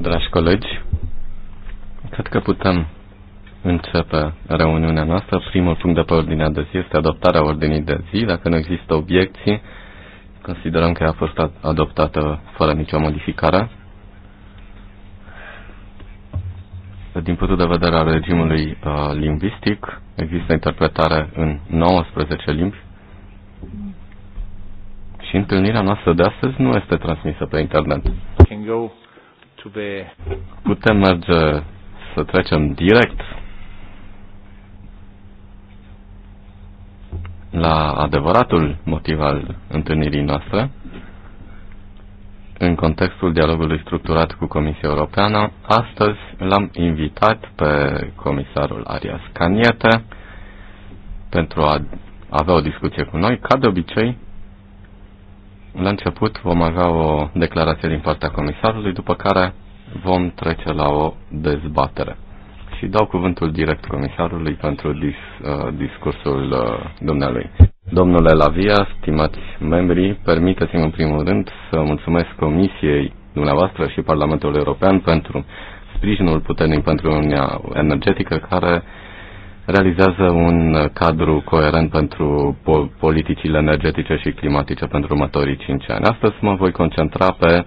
Dragi colegi, cred că putem începe reuniunea noastră. Primul punct de pe ordinea de zi este adoptarea ordinii de zi. Dacă nu există obiecții, considerăm că a fost adoptată fără nicio modificare. Din punctul de vedere al regimului uh, lingvistic, există interpretare în 19 limbi, întâlnirea noastră de astăzi nu este transmisă pe internet. Putem merge să trecem direct la adevăratul motiv al întâlnirii noastre, în contextul dialogului structurat cu Comisia Europeană, astăzi l-am invitat pe comisarul Arias Caniete pentru a avea o discuție cu noi. Ca de obicei, la început vom avea o declarație din partea comisarului, după care vom trece la o dezbatere. Și dau cuvântul direct comisarului pentru dis, uh, discursul uh, dumnealui. Domnule Lavia, stimați membri, permiteți-mi în primul rând să mulțumesc Comisiei dumneavoastră și Parlamentul European pentru sprijinul puternic pentru Uniunea Energetică care realizează un uh, cadru coerent pentru politicile energetice și climatice pentru următorii 5 ani. Astăzi mă voi concentra pe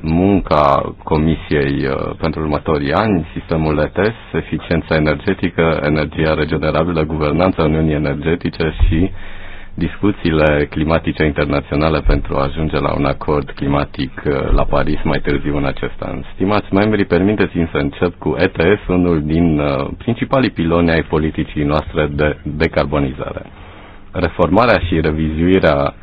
munca Comisiei uh, pentru următorii ani, sistemul ETS, eficiența energetică, energia regenerabilă, guvernanța Uniunii Energetice și uh, discuțiile climatice internaționale pentru a ajunge la un acord climatic uh, la Paris mai târziu în acest an. Stimați membri, permiteți-mi să încep cu ETS, unul din uh, principalii piloni ai politicii noastre de decarbonizare. Reformarea și revizuirea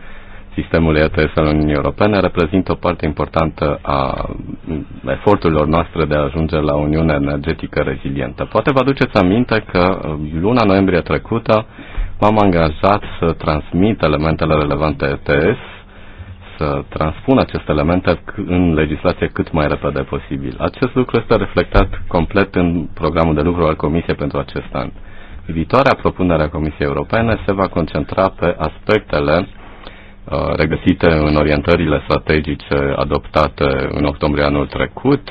sistemul ETS al Uniunii Europene reprezintă o parte importantă a mm, eforturilor noastre de a ajunge la Uniune Energetică Rezilientă. Poate vă aduceți aminte că uh, luna noiembrie trecută m-am angajat să transmit elementele relevante ETS, să transpun aceste elemente în legislație cât mai repede posibil. Acest lucru este reflectat complet în programul de lucru al Comisiei pentru acest an. Viitoarea propunere a Comisiei Europene se va concentra pe aspectele uh, regăsite în orientările strategice adoptate în octombrie anul trecut,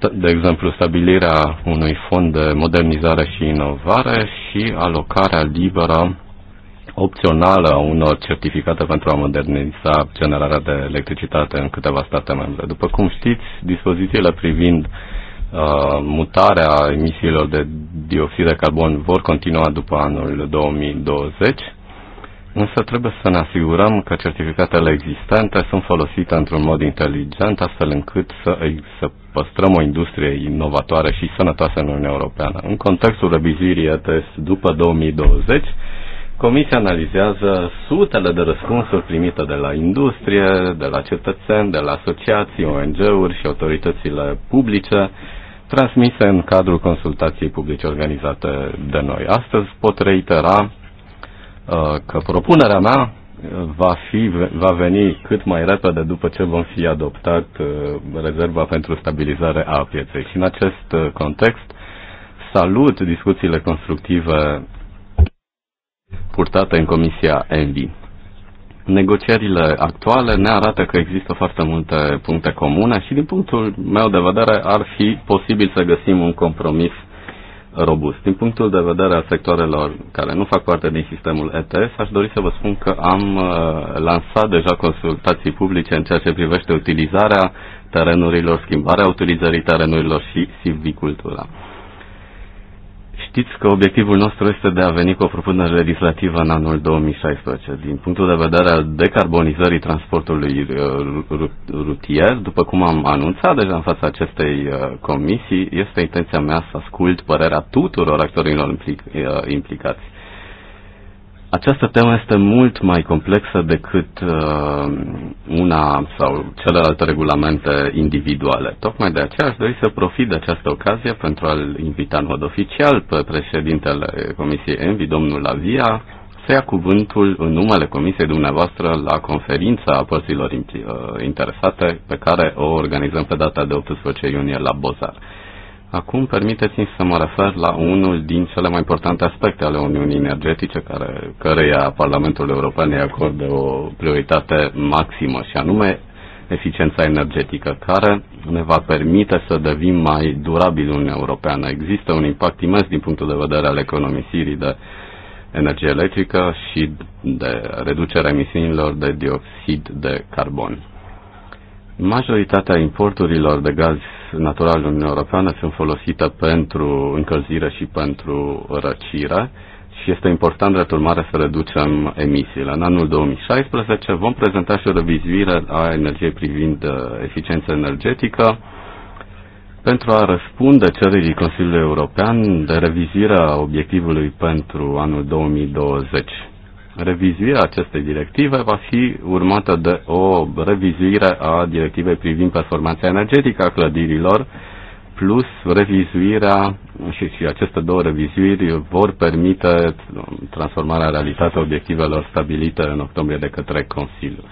de exemplu, stabilirea unui fond de modernizare și inovare și alocarea liberă opțională a unor certificate pentru a moderniza generarea de electricitate în câteva state membre. După cum știți, dispozițiile privind uh, mutarea emisiilor de dioxid de carbon vor continua după anul 2020 însă trebuie să ne asigurăm că certificatele existente sunt folosite într-un mod inteligent, astfel încât să, să păstrăm o industrie inovatoare și sănătoasă în Uniunea Europeană. În contextul revizuirii ETS după 2020, Comisia analizează sutele de răspunsuri primite de la industrie, de la cetățeni, de la asociații, ONG-uri și autoritățile publice, transmise în cadrul consultației publice organizate de noi. Astăzi pot reitera Uh, că propunerea mea uh, va, fi, va veni cât mai repede după ce vom fi adoptat uh, rezerva pentru stabilizare a pieței. Și în acest context salut discuțiile constructive purtate în Comisia ENVI. Negocierile actuale ne arată că există foarte multe puncte comune și din punctul meu de vedere ar fi posibil să găsim un compromis robust. Din punctul de vedere al sectoarelor care nu fac parte din sistemul ETS, aș dori să vă spun că am uh, lansat deja consultații publice în ceea ce privește utilizarea terenurilor, schimbarea utilizării terenurilor și silvicultura. Știți că obiectivul nostru este de a veni cu o propunere legislativă în anul 2016. Din punctul de vedere al decarbonizării transportului uh, rutier, după cum am anunțat deja în fața acestei uh, comisii, este intenția mea să ascult părerea tuturor actorilor uh, implicați această temă este mult mai complexă decât uh, una sau celelalte regulamente individuale. Tocmai de aceea aș dori să profit de această ocazie pentru a-l invita în mod oficial pe președintele Comisiei Envi, domnul Lavia, să ia cuvântul în numele Comisiei dumneavoastră la conferința părților uh, interesate pe care o organizăm pe data de 18 iunie la Bozar. Acum permiteți-mi să mă refer la unul din cele mai importante aspecte ale Uniunii Energetice, care, căreia Parlamentul European îi acordă o prioritate maximă, și anume eficiența energetică, care ne va permite să devenim mai durabili Uniunea Europeană. Există un impact imens din punctul de vedere al economisirii de energie electrică și de reducerea emisiunilor de dioxid de carbon. Majoritatea importurilor de gaz natural în Uniunea Europeană sunt folosite pentru încălzire și pentru răcire și este important, drept urmare, să reducem emisiile. În anul 2016 vom prezenta și o revizuire a energiei privind uh, eficiența energetică pentru a răspunde cererii Consiliului European de revizirea obiectivului pentru anul 2020 revizuirea acestei directive va fi urmată de o revizuire a directivei privind performanța energetică a clădirilor, plus revizuirea și, și aceste două revizuiri vor permite transformarea în realitate obiectivelor stabilite în octombrie de către Consiliu.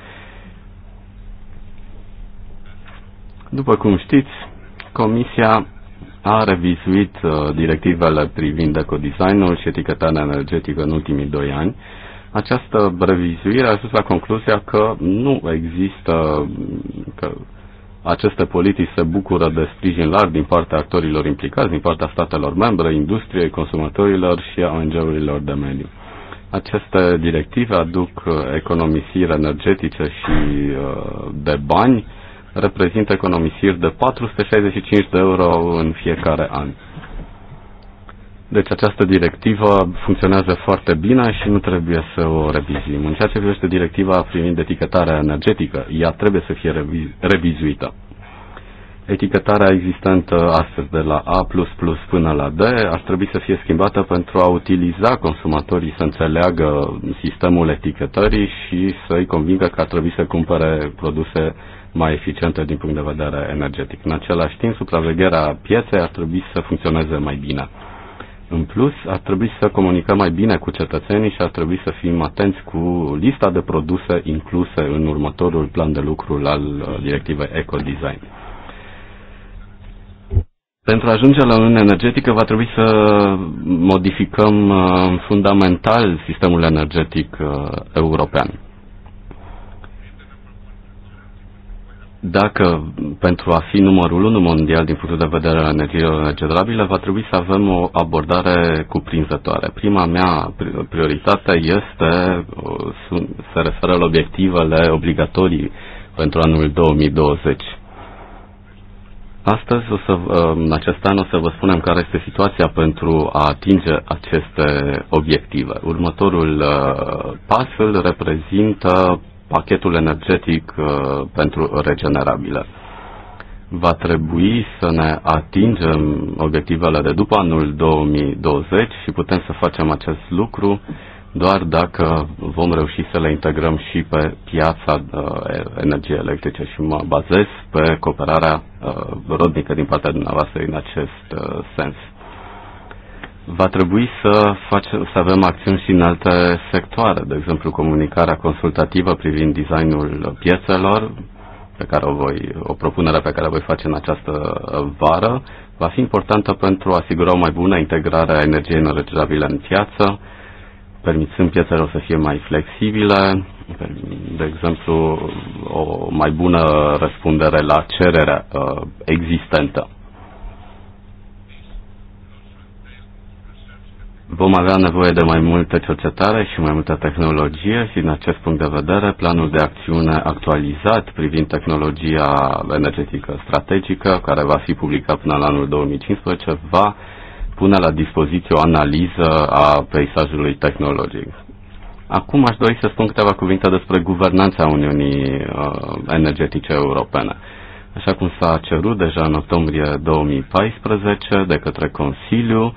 După cum știți, Comisia a revizuit uh, directivele privind ecodesign-ul și etichetarea energetică în ultimii doi ani această revizuire a ajuns la concluzia că nu există, că aceste politici se bucură de sprijin larg din partea actorilor implicați, din partea statelor membre, industriei, consumatorilor și a ONG-urilor de mediu. Aceste directive aduc economisiri energetice și uh, de bani, reprezintă economisiri de 465 de euro în fiecare an. Deci această directivă funcționează foarte bine și nu trebuie să o revizim. În ceea ce privește directiva privind etichetarea energetică, ea trebuie să fie revizuită. Etichetarea existentă astăzi de la A++ până la D ar trebui să fie schimbată pentru a utiliza consumatorii să înțeleagă sistemul etichetării și să-i convingă că ar trebui să cumpere produse mai eficiente din punct de vedere energetic. În același timp, supravegherea pieței ar trebui să funcționeze mai bine. În plus, ar trebui să comunicăm mai bine cu cetățenii și ar trebui să fim atenți cu lista de produse incluse în următorul plan de lucru al uh, directivei Ecodesign. Pentru a ajunge la Uniunea Energetică va trebui să modificăm uh, fundamental sistemul energetic uh, european. Dacă pentru a fi numărul unu mondial din punct de vedere al energiilor regenerabile, va trebui să avem o abordare cuprinzătoare. Prima mea prioritate este, se referă la obiectivele obligatorii pentru anul 2020. Astăzi, o să, în acest an, o să vă spunem care este situația pentru a atinge aceste obiective. Următorul uh, pas îl reprezintă pachetul energetic uh, pentru regenerabile. Va trebui să ne atingem obiectivele de după anul 2020 și putem să facem acest lucru doar dacă vom reuși să le integrăm și pe piața uh, energiei electrice și mă bazez pe cooperarea uh, rodnică din partea dumneavoastră în acest sens va trebui să, face, să avem acțiuni și în alte sectoare, de exemplu comunicarea consultativă privind designul piețelor, pe care o, voi, o propunere pe care o voi face în această vară, va fi importantă pentru a asigura o mai bună integrare a energiei energetabile în piață, permițând piețelor să fie mai flexibile, de exemplu, o mai bună răspundere la cererea uh, existentă. Vom avea nevoie de mai multă cercetare și mai multă tehnologie și din acest punct de vedere planul de acțiune actualizat privind tehnologia energetică strategică care va fi publicat până la anul 2015 va pune la dispoziție o analiză a peisajului tehnologic. Acum aș dori să spun câteva cuvinte despre guvernanța Uniunii uh, Energetice Europene. Așa cum s-a cerut deja în octombrie 2014 de către Consiliu,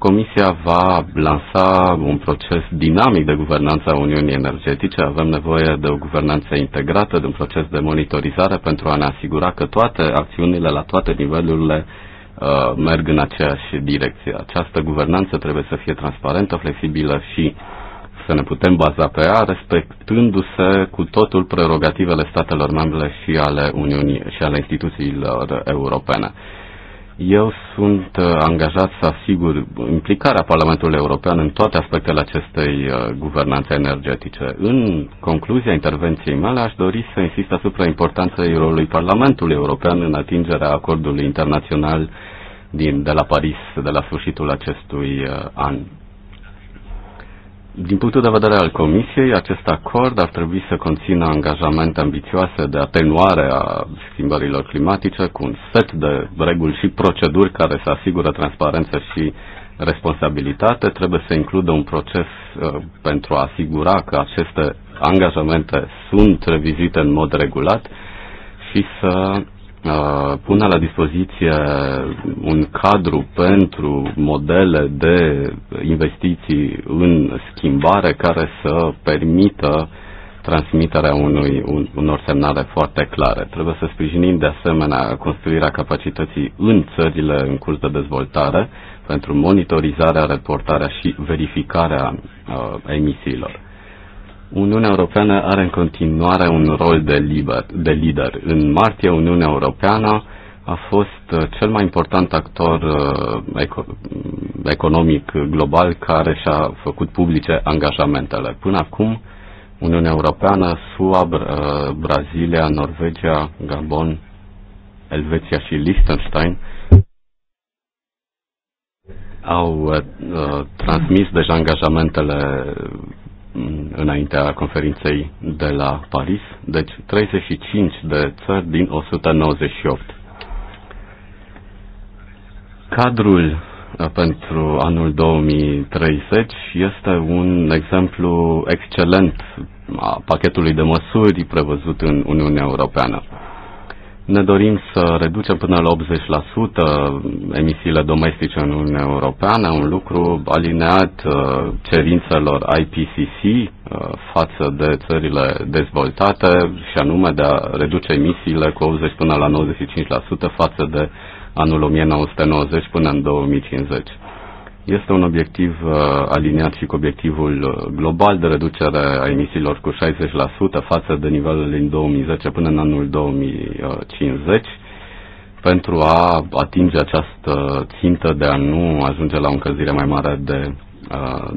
Comisia va lansa un proces dinamic de guvernanță a Uniunii Energetice. Avem nevoie de o guvernanță integrată, de un proces de monitorizare pentru a ne asigura că toate acțiunile la toate nivelurile uh, merg în aceeași direcție. Această guvernanță trebuie să fie transparentă, flexibilă și să ne putem baza pe ea, respectându-se cu totul prerogativele statelor membre și ale Uniunii și ale instituțiilor europene. Eu sunt uh, angajat să asigur implicarea Parlamentului European în toate aspectele acestei uh, guvernanțe energetice. În concluzia intervenției mele aș dori să insist asupra importanței rolului Parlamentului European în atingerea acordului internațional din, de la Paris de la sfârșitul acestui uh, an. Din punctul de vedere al Comisiei, acest acord ar trebui să conțină angajamente ambițioase de atenuare a schimbărilor climatice cu un set de reguli și proceduri care să asigură transparență și responsabilitate. Trebuie să includă un proces uh, pentru a asigura că aceste angajamente sunt revizite în mod regulat și să Uh, pune la dispoziție un cadru pentru modele de investiții în schimbare care să permită transmiterea unui, un, unor semnale foarte clare. Trebuie să sprijinim de asemenea construirea capacității în țările în curs de dezvoltare pentru monitorizarea, reportarea și verificarea uh, emisiilor. Uniunea Europeană are în continuare un rol de, liber, de lider. În martie, Uniunea Europeană a fost uh, cel mai important actor uh, eco- mm, economic global care și-a făcut publice angajamentele. Până acum, Uniunea Europeană, SUA, uh, Brazilia, Norvegia, Gabon, Elveția și Liechtenstein au uh, transmis deja angajamentele Mm, înaintea conferinței de la Paris, deci 35 de țări din 198. Cadrul uh, pentru anul 2030 este un exemplu excelent a pachetului de măsuri prevăzut în Uniunea Europeană ne dorim să reducem până la 80% emisiile domestice în Uniunea Europeană, un lucru alineat uh, cerințelor IPCC uh, față de țările dezvoltate și anume de a reduce emisiile cu 80 până la 95% față de anul 1990 până în 2050 este un obiectiv uh, aliniat și cu obiectivul uh, global de reducere a emisiilor cu 60% față de nivelul din 2010 până în anul 2050 pentru a atinge această țintă de a nu ajunge la o încălzire mai mare de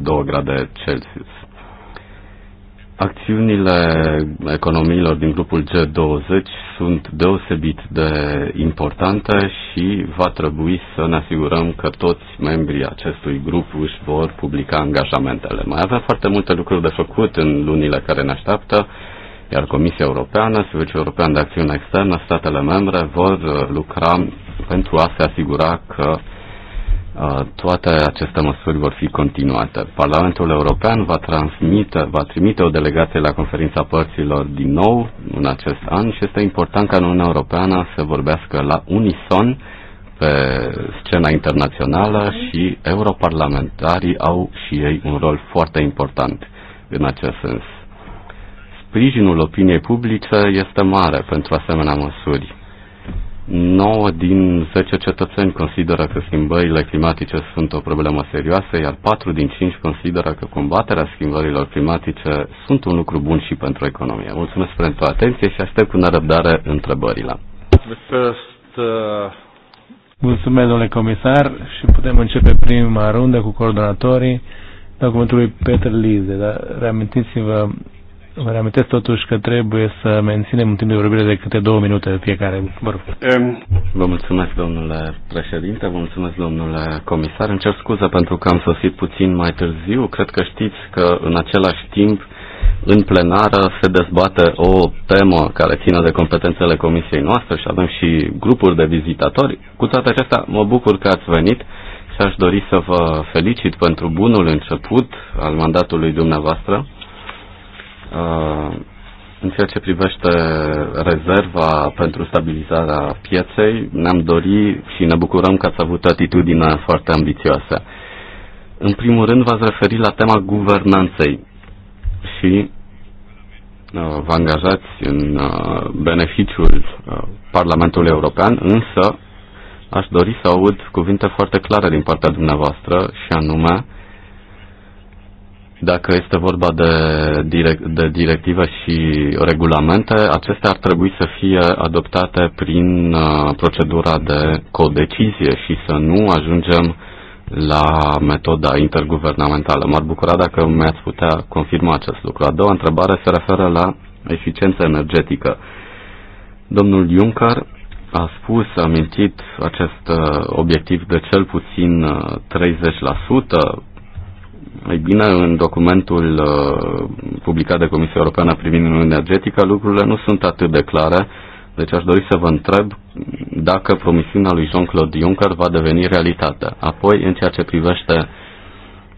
2 uh, grade Celsius. Acțiunile economiilor din grupul G20 sunt deosebit de importante și va trebui să ne asigurăm că toți membrii acestui grup își vor publica angajamentele. Mai avem foarte multe lucruri de făcut în lunile care ne așteaptă, iar Comisia Europeană, Serviciul European de Acțiune Externă, statele membre vor lucra pentru a se asigura că Uh, toate aceste măsuri vor fi continuate. Parlamentul European va transmite, va trimite o delegație la conferința părților din nou în acest an și este important ca în Uniunea Europeană să vorbească la unison pe scena internațională și europarlamentarii au și ei un rol foarte important în acest sens. Sprijinul opiniei publice este mare pentru asemenea măsuri 9 din 10 cetățeni consideră că schimbările climatice sunt o problemă serioasă, iar 4 din 5 consideră că combaterea schimbărilor climatice sunt un lucru bun și pentru economie. Mulțumesc pentru atenție și aștept cu nerăbdare întrebările. First, uh... Mulțumesc, domnule comisar, și putem începe prima rundă cu coordonatorii documentului Peter Lize. Dar reamintiți-vă Vă reamintesc totuși că trebuie să menținem un timp de vorbire de câte două minute fiecare. Vă rog. Vă mulțumesc, domnule președinte, vă mulțumesc, domnule comisar. Îmi cer scuze pentru că am sosit puțin mai târziu. Cred că știți că în același timp în plenară se dezbate o temă care ține de competențele comisiei noastre și avem și grupuri de vizitatori. Cu toate acestea, mă bucur că ați venit și aș dori să vă felicit pentru bunul început al mandatului dumneavoastră. Uh, în ceea ce privește rezerva pentru stabilizarea pieței, ne-am dorit și ne bucurăm că ați avut atitudine foarte ambițioasă. În primul rând, v-ați referit la tema guvernanței și uh, vă angajați în uh, beneficiul Parlamentului European, însă aș dori să aud cuvinte foarte clare din partea dumneavoastră și anume dacă este vorba de, direct, de directive și regulamente, acestea ar trebui să fie adoptate prin uh, procedura de codecizie și să nu ajungem la metoda interguvernamentală. M-ar bucura dacă mi-ați putea confirma acest lucru. A doua întrebare se referă la eficiența energetică. Domnul Juncker a spus, a mintit acest uh, obiectiv de cel puțin 30%. Uh, ei bine, în documentul uh, publicat de Comisia Europeană privind Uniunea Energetică, lucrurile nu sunt atât de clare, deci aș dori să vă întreb dacă promisiunea lui Jean-Claude Juncker va deveni realitate. Apoi, în ceea ce privește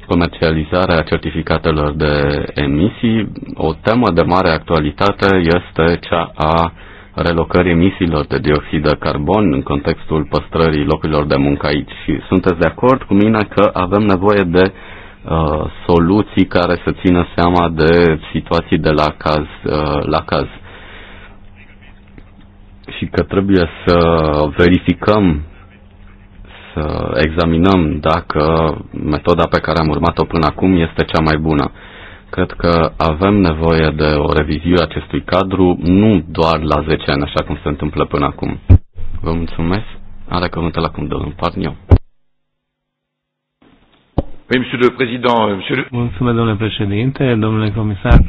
comercializarea certificatelor de emisii, o temă de mare actualitate este cea a relocării emisiilor de dioxid de carbon în contextul păstrării locurilor de muncă aici. Și sunteți de acord cu mine că avem nevoie de Uh, soluții care să țină seama de situații de la caz uh, la caz și că trebuie să verificăm să examinăm dacă metoda pe care am urmat-o până acum este cea mai bună. Cred că avem nevoie de o revizuire a acestui cadru, nu doar la 10 ani, așa cum se întâmplă până acum. Vă mulțumesc. Are cuvântul acum domnul Parniu. Oui, monsieur le président, euh, monsieur le... Mulțumesc, domnule președinte, domnule comisar.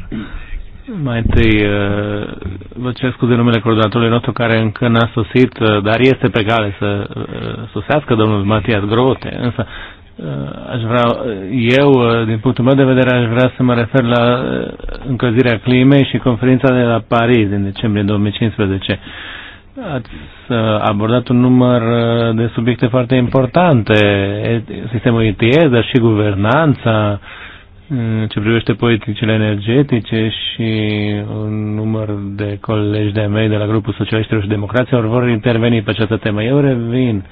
Mai întâi, uh, vă cer scuze numele coordonatorului nostru care încă n-a sosit, uh, dar este pe cale să uh, sosească domnul Matias Grote. Însă, aș vrea, eu, din punctul meu de vedere, aș vrea să mă refer la încălzirea climei și conferința de la Paris din decembrie 2015 Ați uh, abordat un număr uh, de subiecte foarte importante, sistemul ITS, dar și guvernanța, uh, ce privește politicile energetice și un număr de colegi de mei de la grupul socialiștilor și democrație vor interveni pe această temă. Eu revin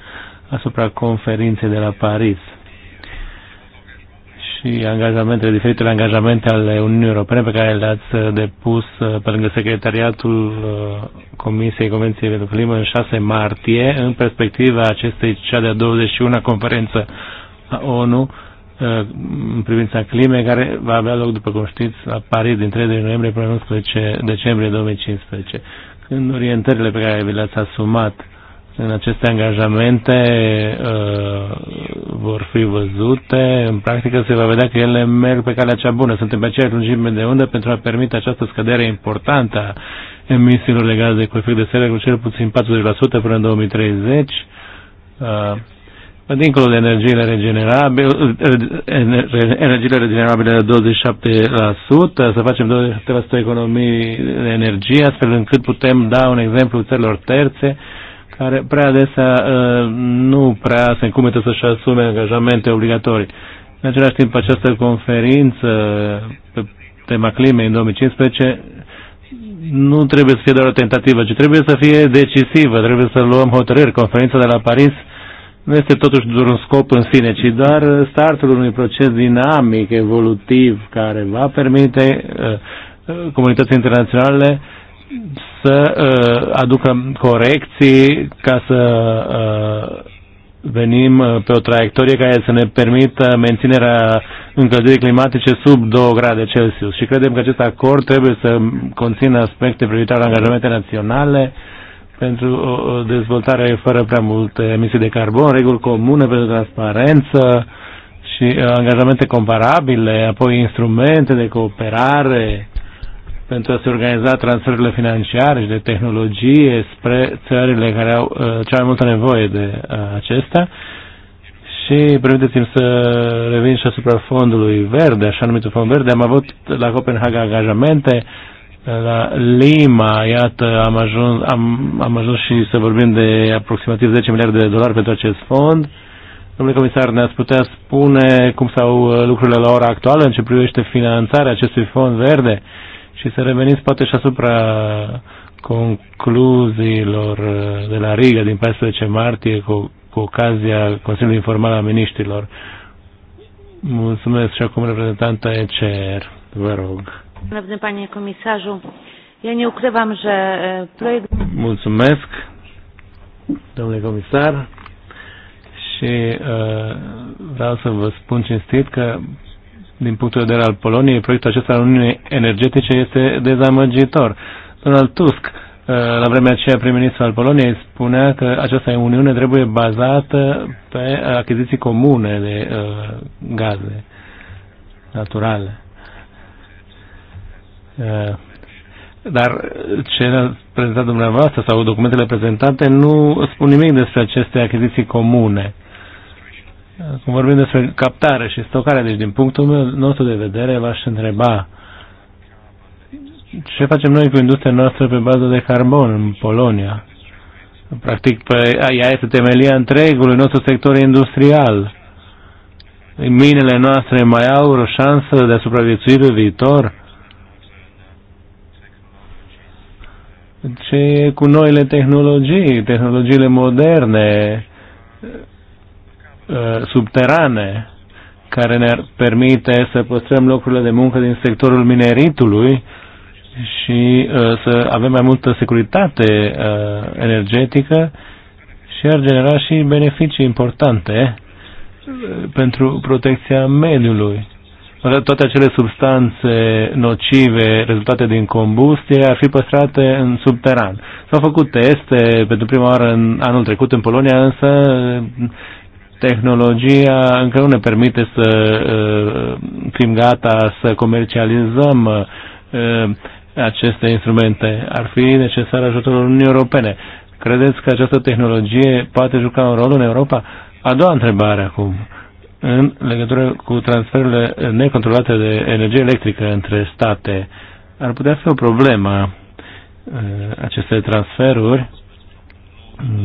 asupra conferinței de la Paris și angajamentele, diferitele angajamente ale Uniunii Europene pe care le-ați uh, depus uh, pe lângă Secretariatul uh, Comisiei Convenției pentru Climă în 6 martie, în perspectiva acestei cea de-a 21-a conferință a ONU în privința climei, care va avea loc, după cum știți, la Paris din 30 noiembrie până în 11 decembrie 2015. Când orientările pe care vi le-ați asumat în aceste angajamente uh, vor fi văzute, în practică se va vedea că ele merg pe calea cea bună, suntem pe aceeași lungime de undă pentru a permite această scădere importantă a emisiilor legate de cu efect de seră cu cel puțin 40% până în 2030. Uh, dincolo de energiile regenerabile, uh, energiile regenerabile de 27%, să facem 27% economii de energie, astfel încât putem da un exemplu țărilor terțe uh, care prea adesea uh, nu prea se încumete să-și asume angajamente obligatorii. În același timp, această conferință pe tema climei în 2015 nu trebuie să fie doar o tentativă, ci trebuie să fie decisivă, trebuie să luăm hotărâri. Conferința de la Paris nu este totuși doar un scop în sine, ci doar startul unui proces dinamic, evolutiv, care va permite uh, uh, comunității internaționale să uh, aducă corecții ca să uh, venim uh, pe o traiectorie care să ne permită menținerea încălzirii climatice sub 2 grade Celsius. Și credem că acest acord trebuie să conțină aspecte privitoare la angajamente naționale pentru o dezvoltare fără prea multe emisii de carbon, reguli comune pentru transparență și uh, angajamente comparabile, apoi instrumente de cooperare pentru a se organiza transferurile financiare și de tehnologie spre țările care au uh, cea mai multă nevoie de uh, acestea. Și permiteți-mi să revin și asupra fondului verde, așa numitul fond verde. Am avut la Copenhaga angajamente, uh, la Lima, iată, am ajuns, am, am ajuns și să vorbim de aproximativ 10 miliarde de dolari pentru acest fond. Domnule comisar, ne-ați putea spune cum stau lucrurile la ora actuală în ce privește finanțarea acestui fond verde? Uh, și să reveniți poate și asupra concluziilor uh, de la Riga din 14 martie cu, cu ocazia Consiliului Informal al Miniștilor. Mulțumesc și acum reprezentanta ECR. Vă rog. Mulțumesc, domnule comisar și uh, vreau să vă spun cinstit că din punctul de vedere al Poloniei, proiectul acesta al Uniunii Energetice este dezamăgitor. Donald Tusk, uh, la vremea aceea prim-ministru al Poloniei, spunea că această Uniune trebuie bazată pe achiziții comune de uh, gaze naturale. Uh, dar ce a prezentat dumneavoastră sau documentele prezentate nu spun nimic despre aceste achiziții comune. Acum vorbim despre captare și stocare, deci din punctul meu, nostru de vedere v-aș întreba ce facem noi cu industria noastră pe bază de carbon în Polonia? Practic, pe, ea este temelia întregului nostru sector industrial. Minele noastre mai au o șansă de a supraviețui pe viitor? Ce e cu noile tehnologii, tehnologiile moderne? Uh, subterane care ne permite să păstrăm locurile de muncă din sectorul mineritului și uh, să avem mai multă securitate uh, energetică și ar genera și beneficii importante pentru protecția mediului. Toate acele substanțe nocive rezultate din combustie ar fi păstrate în subteran. S-au făcut teste pentru prima oară în anul trecut în Polonia, însă tehnologia încă nu ne permite să uh, fim gata să comercializăm uh, aceste instrumente. Ar fi necesar ajutorul Uniunii Europene. Credeți că această tehnologie poate juca un rol în Europa? A doua întrebare acum, în legătură cu transferurile necontrolate de energie electrică între state, ar putea fi o problemă uh, aceste transferuri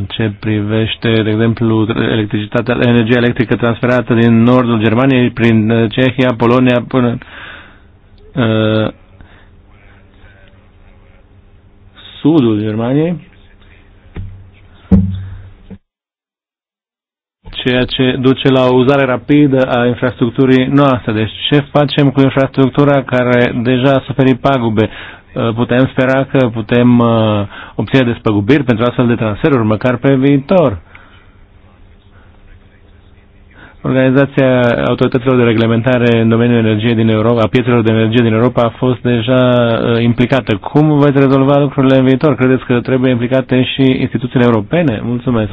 ce privește, de exemplu, electricitatea, energia electrică transferată din nordul Germaniei prin uh, Cehia, Polonia, până uh, sudul Germaniei. ceea ce duce la o uzare rapidă a infrastructurii noastre. Deci ce facem cu infrastructura care deja a suferit pagube? Uh, putem spera că putem uh, obține despăgubiri pentru astfel de transferuri, măcar pe viitor. Organizația autorităților de reglementare în domeniul energiei din Europa, a piețelor de energie din Europa a fost deja uh, implicată. Cum veți rezolva lucrurile în viitor? Credeți că trebuie implicate și instituțiile europene? Mulțumesc!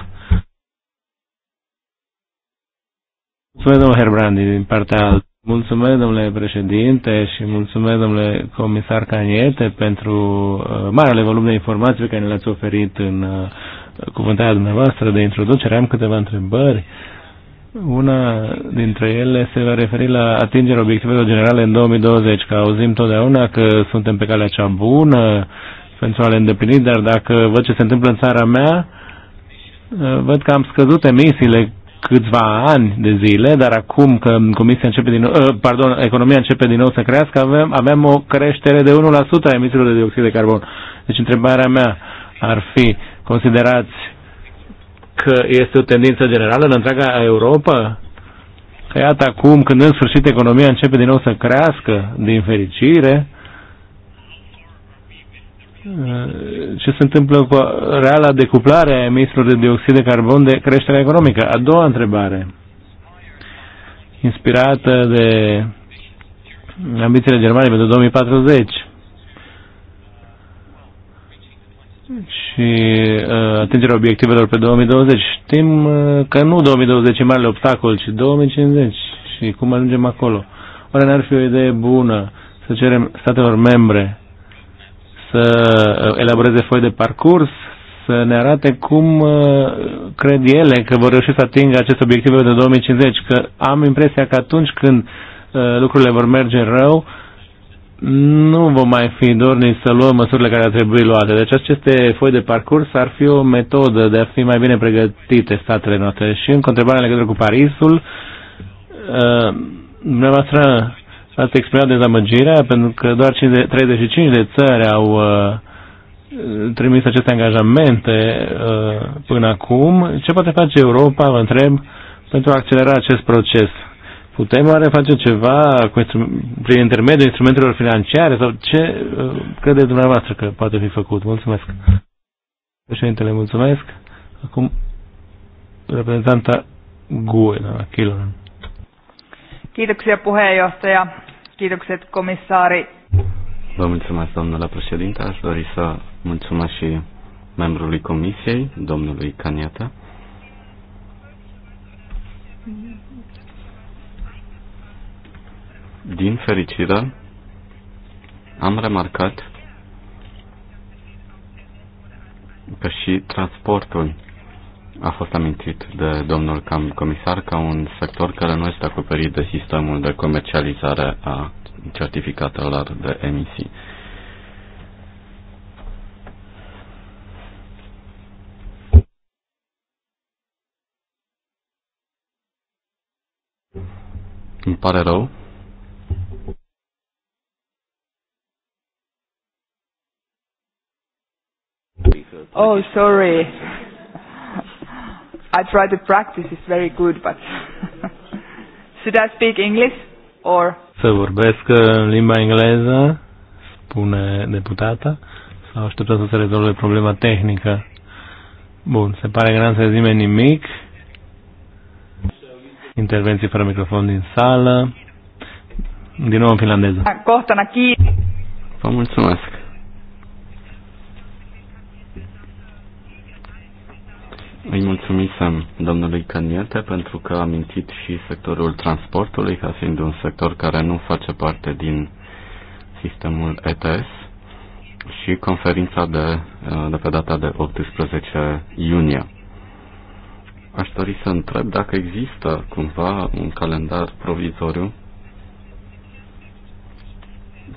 Mulțumesc, domnul Herbrandi, din partea altă. Mulțumesc, domnule președinte, și mulțumesc, domnule comisar Caniete, pentru uh, marele volum de informații pe care le-ați oferit în uh, cuvântarea dumneavoastră de introducere. Am câteva întrebări. Una dintre ele se va referi la atingerea obiectivelor generale în 2020, că auzim totdeauna că suntem pe calea cea bună pentru a le îndeplini, dar dacă văd ce se întâmplă în țara mea, uh, văd că am scăzut emisiile câțiva ani de zile, dar acum că comisia începe din nou, uh, pardon, economia începe din nou să crească, avem, avem o creștere de 1% a emisiilor de dioxid de carbon. Deci întrebarea mea ar fi, considerați că este o tendință generală în întreaga Europa? Că iată acum, când în sfârșit economia începe din nou să crească, din fericire, ce se întâmplă cu reala decuplare a emisiilor de dioxid de carbon de creșterea economică. A doua întrebare, inspirată de ambițiile germane pentru 2040 și uh, atingerea obiectivelor pe 2020. Știm uh, că nu 2020 e marele obstacol, ci 2050 și cum ajungem acolo. Oare n-ar fi o idee bună să cerem statelor membre să uh, elaboreze foi de parcurs, să ne arate cum uh, cred ele că vor reuși să atingă acest obiectiv de 2050, că am impresia că atunci când uh, lucrurile vor merge rău, nu vom mai fi dorni să luăm măsurile care ar trebui luate. Deci aceste foi de parcurs ar fi o metodă de a fi mai bine pregătite statele noastre. Și în întrebarea în legătură cu Parisul, dumneavoastră ați exprimat dezamăgirea pentru că doar 35 de țări au uh, trimis aceste angajamente uh, până acum. Ce poate face Europa, vă întreb, pentru a accelera acest proces? Putem oare face ceva cu prin intermediul instrumentelor financiare sau ce uh, credeți dumneavoastră că poate fi făcut? Mulțumesc. Președintele, mulțumesc. Acum, reprezentanta Guena, Kilon. Kiitoksia puheenjohtaja. Kiitokset komissaari. Vă mulțumesc, domnule președinte. Aș dori să mulțumesc și membrului comisiei, domnului Caniata. Din fericire, am remarcat că și transportul a fost amintit de domnul comisar ca un sector care nu este acoperit de sistemul de comercializare a certificatelor de emisii. Îmi pare rău. Oh, sorry. I try to practice, it's very good, but should I speak English or? Să vorbesc în limba engleză, spune deputata, sau așteptăm să se rezolve problema tehnică. Bun, se pare că n-am să zime nimic. Intervenții fără microfon din sală. Din nou în finlandeză. Vă mulțumesc. să domnului Căniete pentru că a mintit și sectorul transportului ca fiind un sector care nu face parte din sistemul ETS și conferința de, de pe data de 18 iunie. Aș dori să întreb dacă există cumva un calendar provizoriu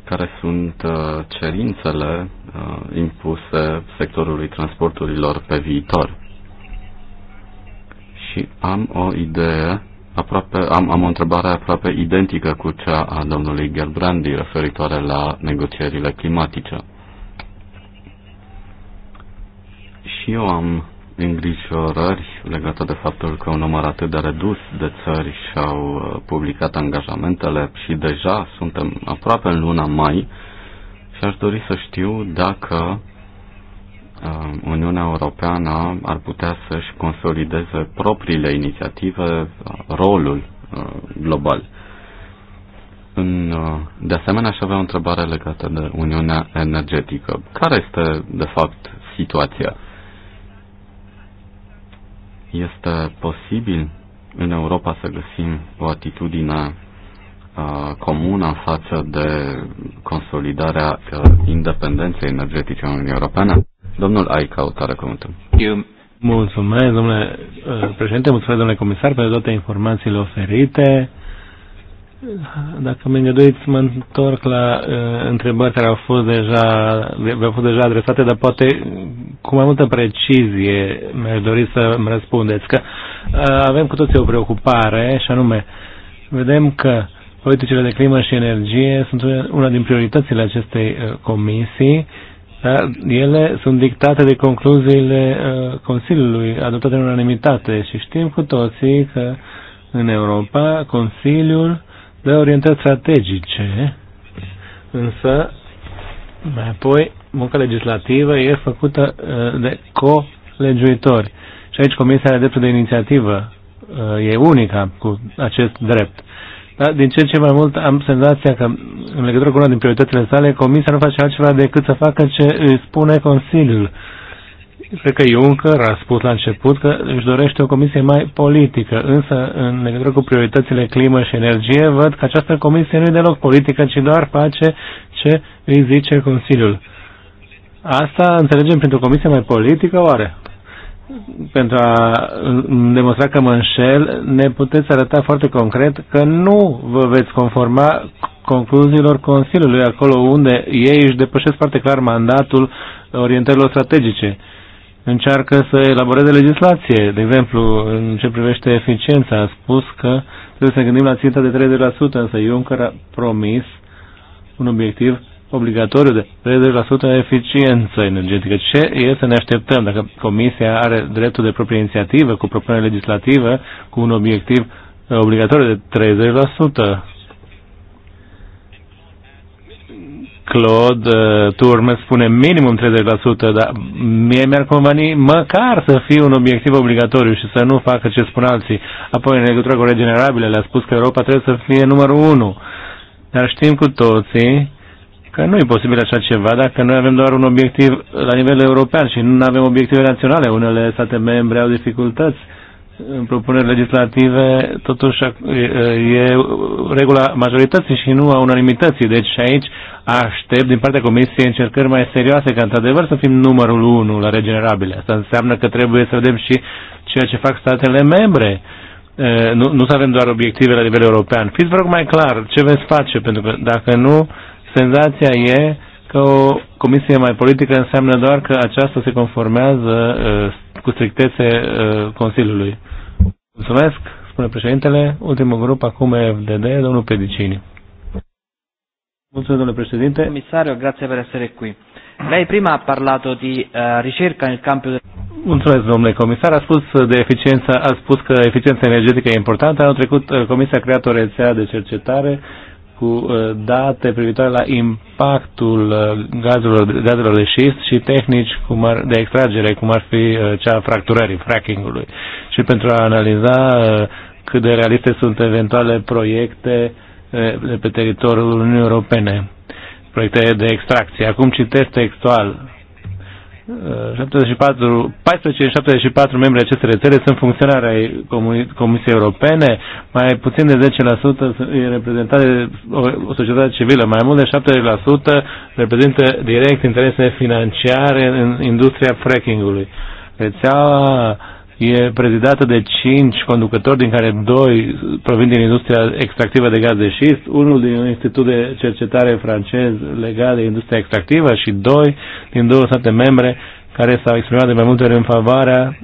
care sunt uh, cerințele uh, impuse sectorului transporturilor pe viitor și am o idee aproape, am, am o întrebare aproape identică cu cea a domnului Gerbrandi referitoare la negocierile climatice. Și eu am îngrijorări legate de faptul că un număr atât de redus de țări și-au uh, publicat angajamentele și deja suntem aproape în luna mai și aș dori să știu dacă Um, Uniunea Europeană ar putea să-și consolideze propriile inițiative, uh, rolul uh, global. În, uh, de asemenea, aș avea o întrebare legată de Uniunea Energetică. Care este, de fapt, situația? Este posibil în Europa să găsim o atitudine comună în față de consolidarea independenței energetice a Uniunii Europene? Domnul Aica, care cuvântul. Mulțumesc, domnule uh, președinte, mulțumesc, domnule comisar, pentru toate informațiile oferite. Dacă mă îngăduiți, mă întorc la uh, întrebări care au fost deja, au fost deja adresate, dar poate cu mai multă precizie mi-aș dori să îmi răspundeți. Că uh, avem cu toții o preocupare și anume, vedem că politicile de climă și energie sunt una din prioritățile acestei uh, comisii uh, da, ele sunt dictate de concluziile uh, Consiliului adoptate în unanimitate și știm cu toții că în Europa Consiliul dă orientări strategice, însă mai apoi munca legislativă e făcută uh, de colegiuitori. Și aici Comisia are dreptul de inițiativă, uh, e unica cu acest drept. Da, din ce în ce mai mult am senzația că, în legătură cu una din prioritățile sale, Comisia nu face altceva decât să facă ce îi spune Consiliul. Cred că Juncker a spus la început că își dorește o comisie mai politică, însă în legătură cu prioritățile climă și energie, văd că această comisie nu e deloc politică, ci doar face ce îi zice Consiliul. Asta înțelegem printr-o comisie mai politică, oare? pentru a demonstra că mă înșel, ne puteți arăta foarte concret că nu vă veți conforma concluziilor Consiliului, acolo unde ei își depășesc foarte clar mandatul orientărilor strategice. Încearcă să elaboreze legislație. De exemplu, în ce privește eficiența, a spus că trebuie să ne gândim la ținta de 30%, însă Juncker a promis un obiectiv obligatoriu de 30% eficiență energetică. Ce e să ne așteptăm dacă Comisia are dreptul de proprie inițiativă cu propunere legislativă cu un obiectiv uh, obligatoriu de 30%? Claude uh, Turmes spune minimum 30%, dar mie mi-ar conveni măcar să fie un obiectiv obligatoriu și să nu facă ce spun alții. Apoi, în legătură cu regenerabile, le-a spus că Europa trebuie să fie numărul 1. Dar știm cu toții că nu e posibil așa ceva dacă noi avem doar un obiectiv la nivel european și nu avem obiective naționale. Unele state membre au dificultăți în propuneri legislative, totuși e regula majorității și nu a unanimității. Deci aici aștept din partea Comisiei încercări mai serioase ca într-adevăr să fim numărul unu la regenerabile. Asta înseamnă că trebuie să vedem și ceea ce fac statele membre nu, nu să avem doar obiective la nivel european. Fiți, vă rog, mai clar ce veți face, pentru că dacă nu, senzația e că o comisie mai politică înseamnă doar că aceasta se conformează uh, cu strictețe uh, Consiliului. Mulțumesc, spune președintele. Ultimul grup acum e FDD, domnul Pedicini. Mulțumesc, domnule președinte. Comisario, grazie per essere qui. Lei prima ha parlato di uh, ricerca nel campo Mulțumesc, domnule comisar. A spus de eficiență, a spus că eficiența energetică e importantă. Anul trecut uh, Comisia a creat o rețea de cercetare cu uh, date privitoare la impactul uh, gazelor, gazelor de șist și tehnici cum ar, de extragere, cum ar fi uh, cea a fracturării, fracking-ului. Și pentru a analiza cât de realiste sunt eventuale proiecte de pe teritoriul Uniunii Europene, proiecte de extracție. Acum citesc textual. 74, 14 din 74 membri acestei rețele sunt funcționari ai Comisiei Europene, mai puțin de 10% e reprezentat de o societate civilă, mai mult de 7% reprezintă direct interese financiare în industria fracking-ului. Rețeaua e prezidată de cinci conducători, din care doi provin din industria extractivă de gaz de șist, unul din un institut de cercetare francez legat de industria extractivă și doi din două state membre care s-au exprimat de mai multe ori în favoarea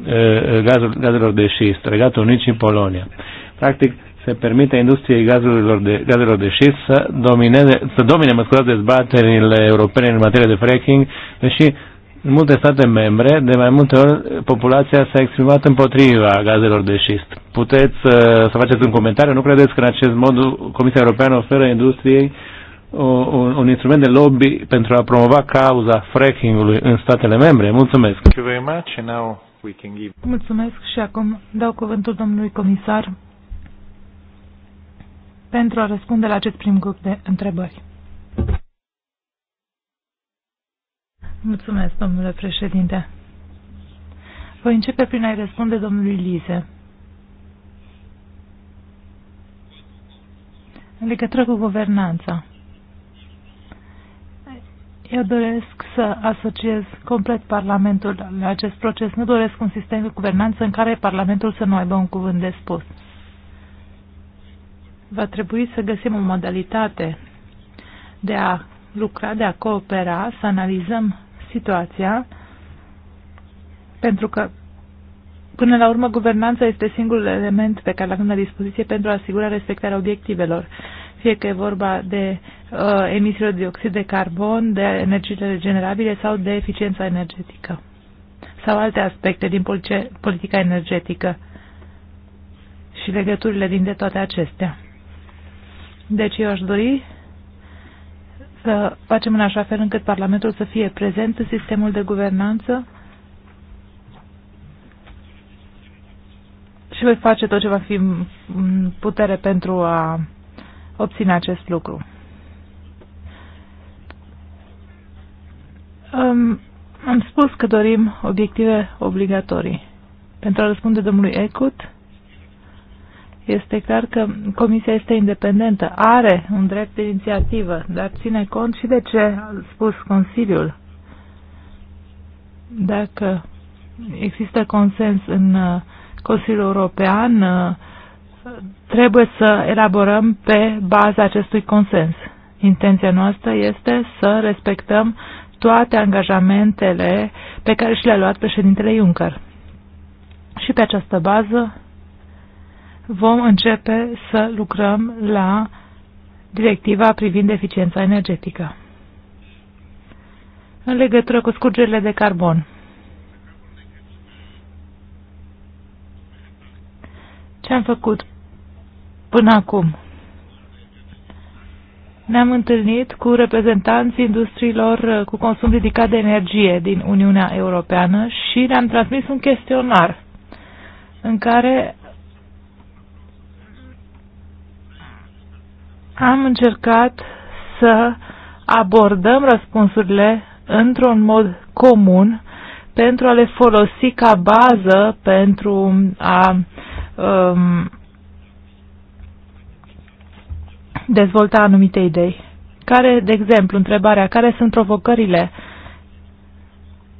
gazul, gazelor de șist, Regatul Unit și Polonia. Practic, se permite industriei gazelor de, gazelor de șist să domine, să domine mă scuzați, dezbaterile europene în materie de fracking, deși în multe state membre, de mai multe ori, populația s-a exprimat împotriva gazelor de șist. Puteți uh, să faceți un comentariu? Nu credeți că în acest mod Comisia Europeană oferă industriei uh, un, un instrument de lobby pentru a promova cauza fracking-ului în statele membre? Mulțumesc! Mulțumesc și acum dau cuvântul domnului comisar pentru a răspunde la acest prim grup de întrebări. Mulțumesc, domnule președinte. Voi începe prin a-i răspunde domnului Lise. În legătură cu guvernanța, eu doresc să asociez complet Parlamentul la acest proces. Nu doresc un sistem de guvernanță în care Parlamentul să nu aibă un cuvânt de spus. Va trebui să găsim o modalitate de a lucra, de a coopera, să analizăm situația, pentru că Până la urmă, guvernanța este singurul element pe care l avem la dispoziție pentru a asigura respectarea obiectivelor, fie că e vorba de uh, emisiile de dioxid de carbon, de energiile regenerabile sau de eficiența energetică sau alte aspecte din politica energetică și legăturile dintre toate acestea. Deci eu aș dori să facem în așa fel încât Parlamentul să fie prezent în sistemul de guvernanță și voi face tot ce va fi în putere pentru a obține acest lucru. Um, am spus că dorim obiective obligatorii. Pentru a răspunde domnului Ecut, este clar că Comisia este independentă, are un drept de inițiativă, dar ține cont și de ce a spus Consiliul. Dacă există consens în uh, Consiliul European, uh, trebuie să elaborăm pe baza acestui consens. Intenția noastră este să respectăm toate angajamentele pe care și le-a luat președintele Juncker. Și pe această bază vom începe să lucrăm la directiva privind eficiența energetică. În legătură cu scurgerile de carbon. Ce am făcut până acum? Ne-am întâlnit cu reprezentanții industriilor cu consum ridicat de energie din Uniunea Europeană și le-am transmis un chestionar în care Am încercat să abordăm răspunsurile într-un mod comun pentru a le folosi ca bază pentru a um, dezvolta anumite idei. Care, de exemplu, întrebarea, care sunt provocările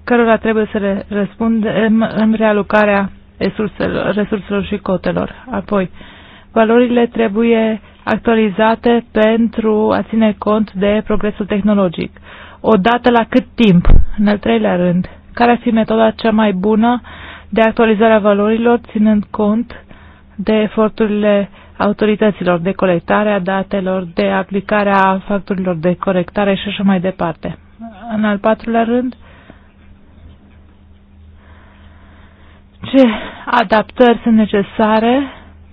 cărora trebuie să le răspundem în realocarea resurselor, resurselor și cotelor? Apoi, valorile trebuie actualizate pentru a ține cont de progresul tehnologic. O dată la cât timp? În al treilea rând, care ar fi metoda cea mai bună de actualizare a valorilor, ținând cont de eforturile autorităților de colectare a datelor, de aplicarea factorilor de corectare și așa mai departe. În al patrulea rând, ce adaptări sunt necesare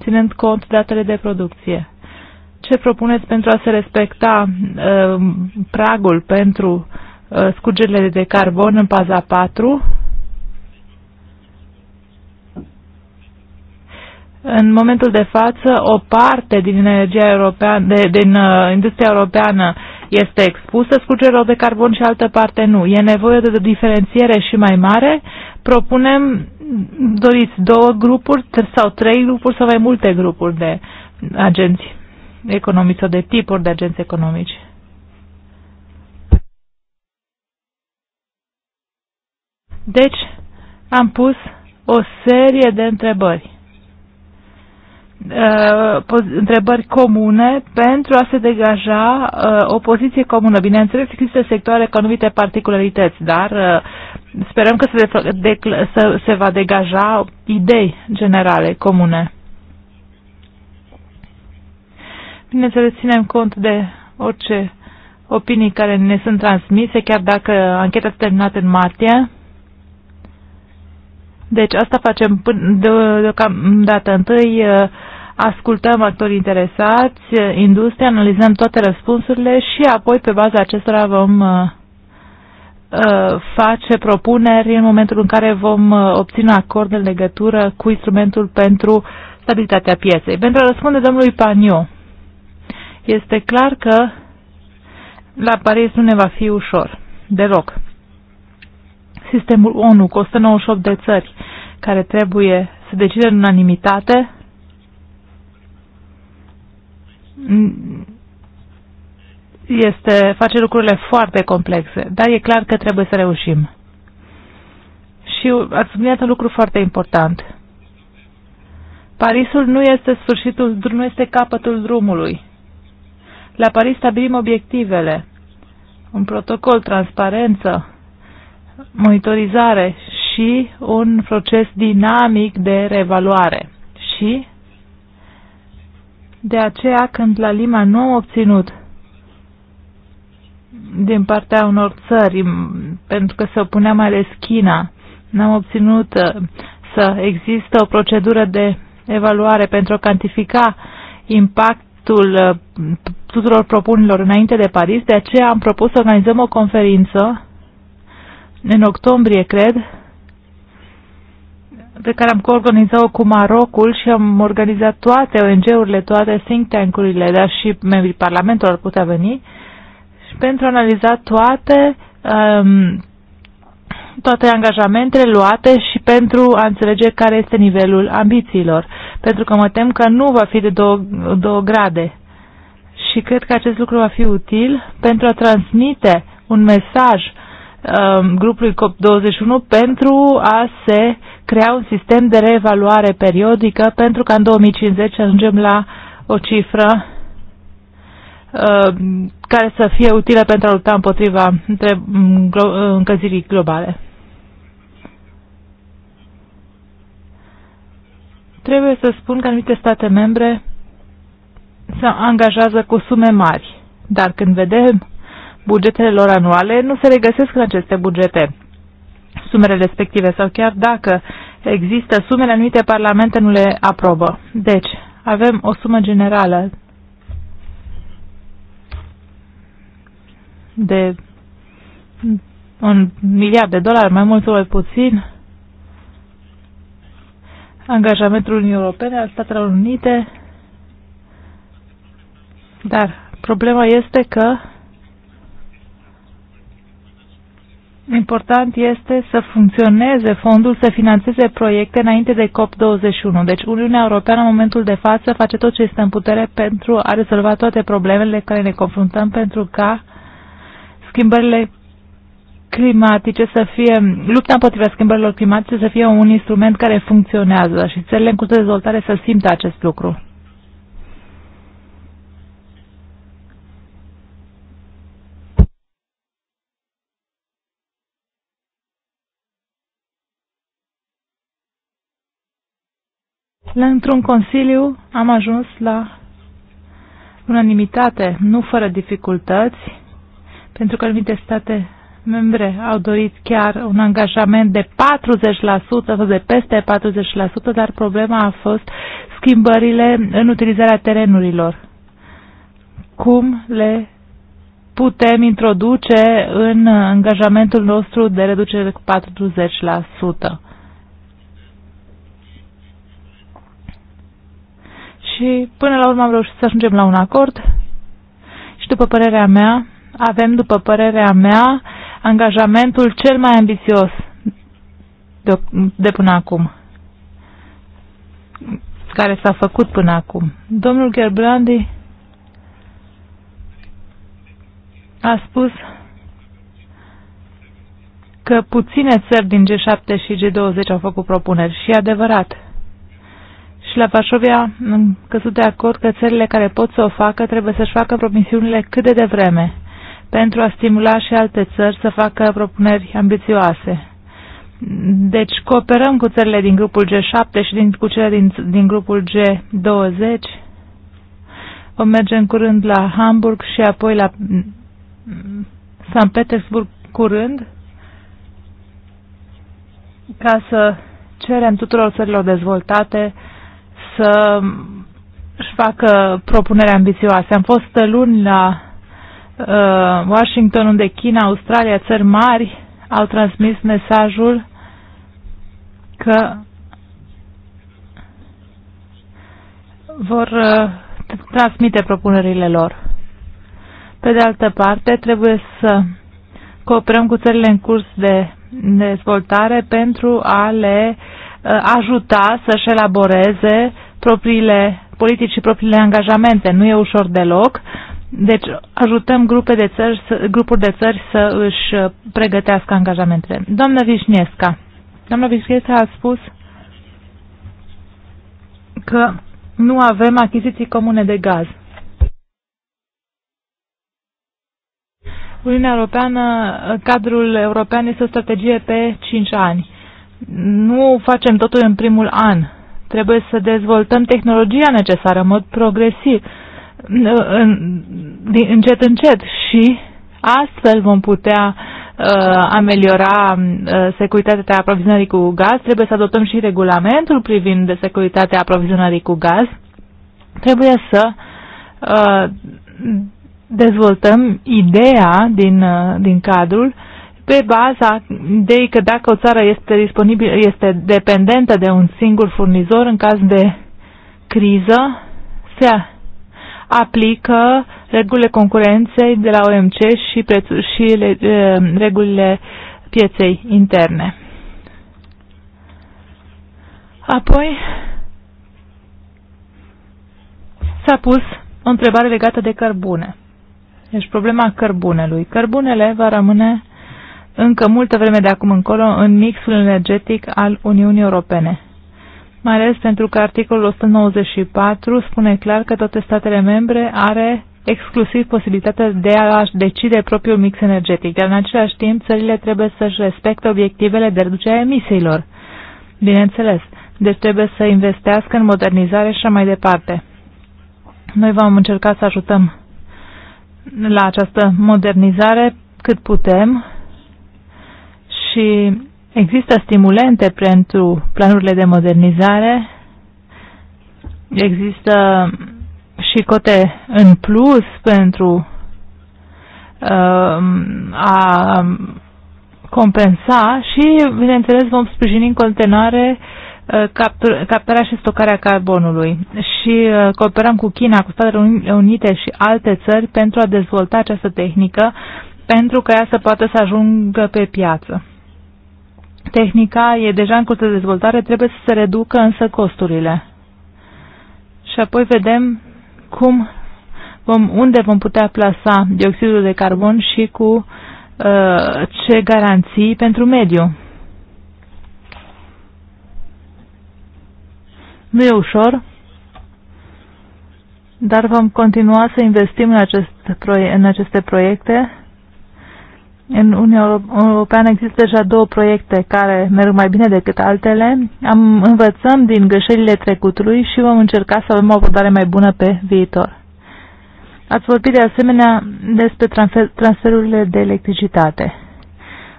ținând cont datele de producție? ce propuneți pentru a se respecta uh, pragul pentru uh, scurgerile de carbon în paza 4? În momentul de față, o parte din energia europeană, de, din uh, industria europeană este expusă scurgerilor de carbon și altă parte nu. E nevoie de o diferențiere și mai mare. Propunem, doriți două grupuri sau trei grupuri sau mai multe grupuri de agenții economici sau de tipuri de agenți economici. Deci, am pus o serie de întrebări. Uh, întrebări comune pentru a se degaja uh, o poziție comună. Bineînțeles, există sectoare cu anumite particularități, dar uh, sperăm că se, de, de, să se va degaja idei generale comune. Bineînțeles, ținem cont de orice opinii care ne sunt transmise, chiar dacă ancheta s-a terminat în martie. Deci asta facem deocamdată. De întâi uh, ascultăm actorii interesați, industria, analizăm toate răspunsurile și apoi pe baza acestora vom uh, uh, face propuneri în momentul în care vom obține acord în legătură cu instrumentul pentru stabilitatea pieței. Pentru a răspunde domnului Paniu, este clar că la Paris nu ne va fi ușor, deloc. Sistemul ONU cu 198 de țări care trebuie să decide în unanimitate este, face lucrurile foarte complexe, dar e clar că trebuie să reușim. Și ați subliniat un lucru foarte important. Parisul nu este sfârșitul, nu este capătul drumului. La Paris stabilim obiectivele, un protocol, transparență, monitorizare și un proces dinamic de reevaluare. Și de aceea când la Lima nu am obținut din partea unor țări, pentru că se opunea mai ales China, n-am obținut uh, să există o procedură de evaluare pentru a cantifica impact textul uh, tuturor propunilor înainte de Paris, de aceea am propus să organizăm o conferință în octombrie, cred, pe care am coorganizat-o cu Marocul și am organizat toate ONG-urile, toate think tank-urile, dar și membrii Parlamentului ar putea veni, și pentru a analiza toate, um, toate angajamentele luate și pentru a înțelege care este nivelul ambițiilor pentru că mă tem că nu va fi de două grade. Și cred că acest lucru va fi util pentru a transmite un mesaj um, grupului COP21 pentru a se crea un sistem de reevaluare periodică pentru că în 2050 ajungem la o cifră um, care să fie utilă pentru a lupta împotriva între, um, încălzirii globale. Trebuie să spun că anumite state membre se angajează cu sume mari, dar când vedem bugetele lor anuale, nu se regăsesc în aceste bugete sumele respective sau chiar dacă există sumele, anumite parlamente nu le aprobă. Deci, avem o sumă generală de un miliard de dolari, mai mult sau mai puțin, angajamentul Uniunii Europene al Statelor Unite, dar problema este că important este să funcționeze fondul, să finanțeze proiecte înainte de COP21. Deci Uniunea Europeană în momentul de față face tot ce este în putere pentru a rezolva toate problemele care ne confruntăm pentru ca schimbările climatice să fie, lupta împotriva schimbărilor climatice să fie un instrument care funcționează și țările în curs de dezvoltare să simtă acest lucru. Într-un consiliu am ajuns la unanimitate, nu fără dificultăți, pentru că anumite state membre au dorit chiar un angajament de 40% sau de peste 40%, dar problema a fost schimbările în utilizarea terenurilor. Cum le putem introduce în angajamentul nostru de reducere cu 40%? Și până la urmă am reușit să ajungem la un acord și după părerea mea, avem, după părerea mea, angajamentul cel mai ambițios de, de până acum, care s-a făcut până acum. Domnul Gerbrandi a spus că puține țări din G7 și G20 au făcut propuneri și e adevărat. Și la Vașovia am căzut de acord că țările care pot să o facă trebuie să-și facă promisiunile cât de devreme pentru a stimula și alte țări să facă propuneri ambițioase. Deci cooperăm cu țările din grupul G7 și din, cu cele din, din grupul G20. Vom merge în curând la Hamburg și apoi la San Petersburg curând ca să cerem tuturor țărilor dezvoltate să își facă propuneri ambițioase. Am fost luni la Uh, Washington, unde China, Australia, țări mari au transmis mesajul că vor uh, transmite propunerile lor. Pe de altă parte, trebuie să cooperăm cu țările în curs de dezvoltare pentru a le uh, ajuta să-și elaboreze propriile politici și propriile angajamente. Nu e ușor deloc, deci ajutăm grupe de țări, grupuri de țări să își pregătească angajamentele. Doamna Vișnesca, doamna Vișnesca a spus că nu avem achiziții comune de gaz. Uniunea Europeană, cadrul european este o strategie pe 5 ani. Nu facem totul în primul an. Trebuie să dezvoltăm tehnologia necesară în mod progresiv în încet încet și astfel vom putea uh, ameliora uh, securitatea aprovizionării cu gaz. Trebuie să adoptăm și regulamentul privind securitatea aprovizionării cu gaz. Trebuie să uh, dezvoltăm ideea din, uh, din cadrul pe baza ideii că dacă o țară este, disponibil, este dependentă de un singur furnizor în caz de criză, se aplică regulile concurenței de la OMC și, prețu- și le, eh, regulile pieței interne. Apoi s-a pus o întrebare legată de cărbune. Deci problema cărbunelui. Cărbunele va rămâne încă multă vreme de acum încolo în mixul energetic al Uniunii Europene mai ales pentru că articolul 194 spune clar că toate statele membre are exclusiv posibilitatea de a decide propriul mix energetic, dar în același timp țările trebuie să-și respecte obiectivele de reducere a emisiilor. Bineînțeles, deci trebuie să investească în modernizare și așa mai departe. Noi vom încerca să ajutăm la această modernizare cât putem și Există stimulente pentru planurile de modernizare, există și cote în plus pentru uh, a compensa și, bineînțeles, vom sprijini în continuare uh, captarea și stocarea carbonului și uh, cooperăm cu China, cu Statele Unite și alte țări pentru a dezvolta această tehnică pentru că ea să poată să ajungă pe piață. Tehnica e deja în curs de dezvoltare, trebuie să se reducă însă costurile. Și apoi vedem cum vom, unde vom putea plasa dioxidul de carbon și cu uh, ce garanții pentru mediu. Nu e ușor, dar vom continua să investim în, acest proie- în aceste proiecte în Uniunea Europeană există deja două proiecte care merg mai bine decât altele. Am, învățăm din greșelile trecutului și vom încerca să avem o abordare mai bună pe viitor. Ați vorbit de asemenea despre transfer, transferurile de electricitate.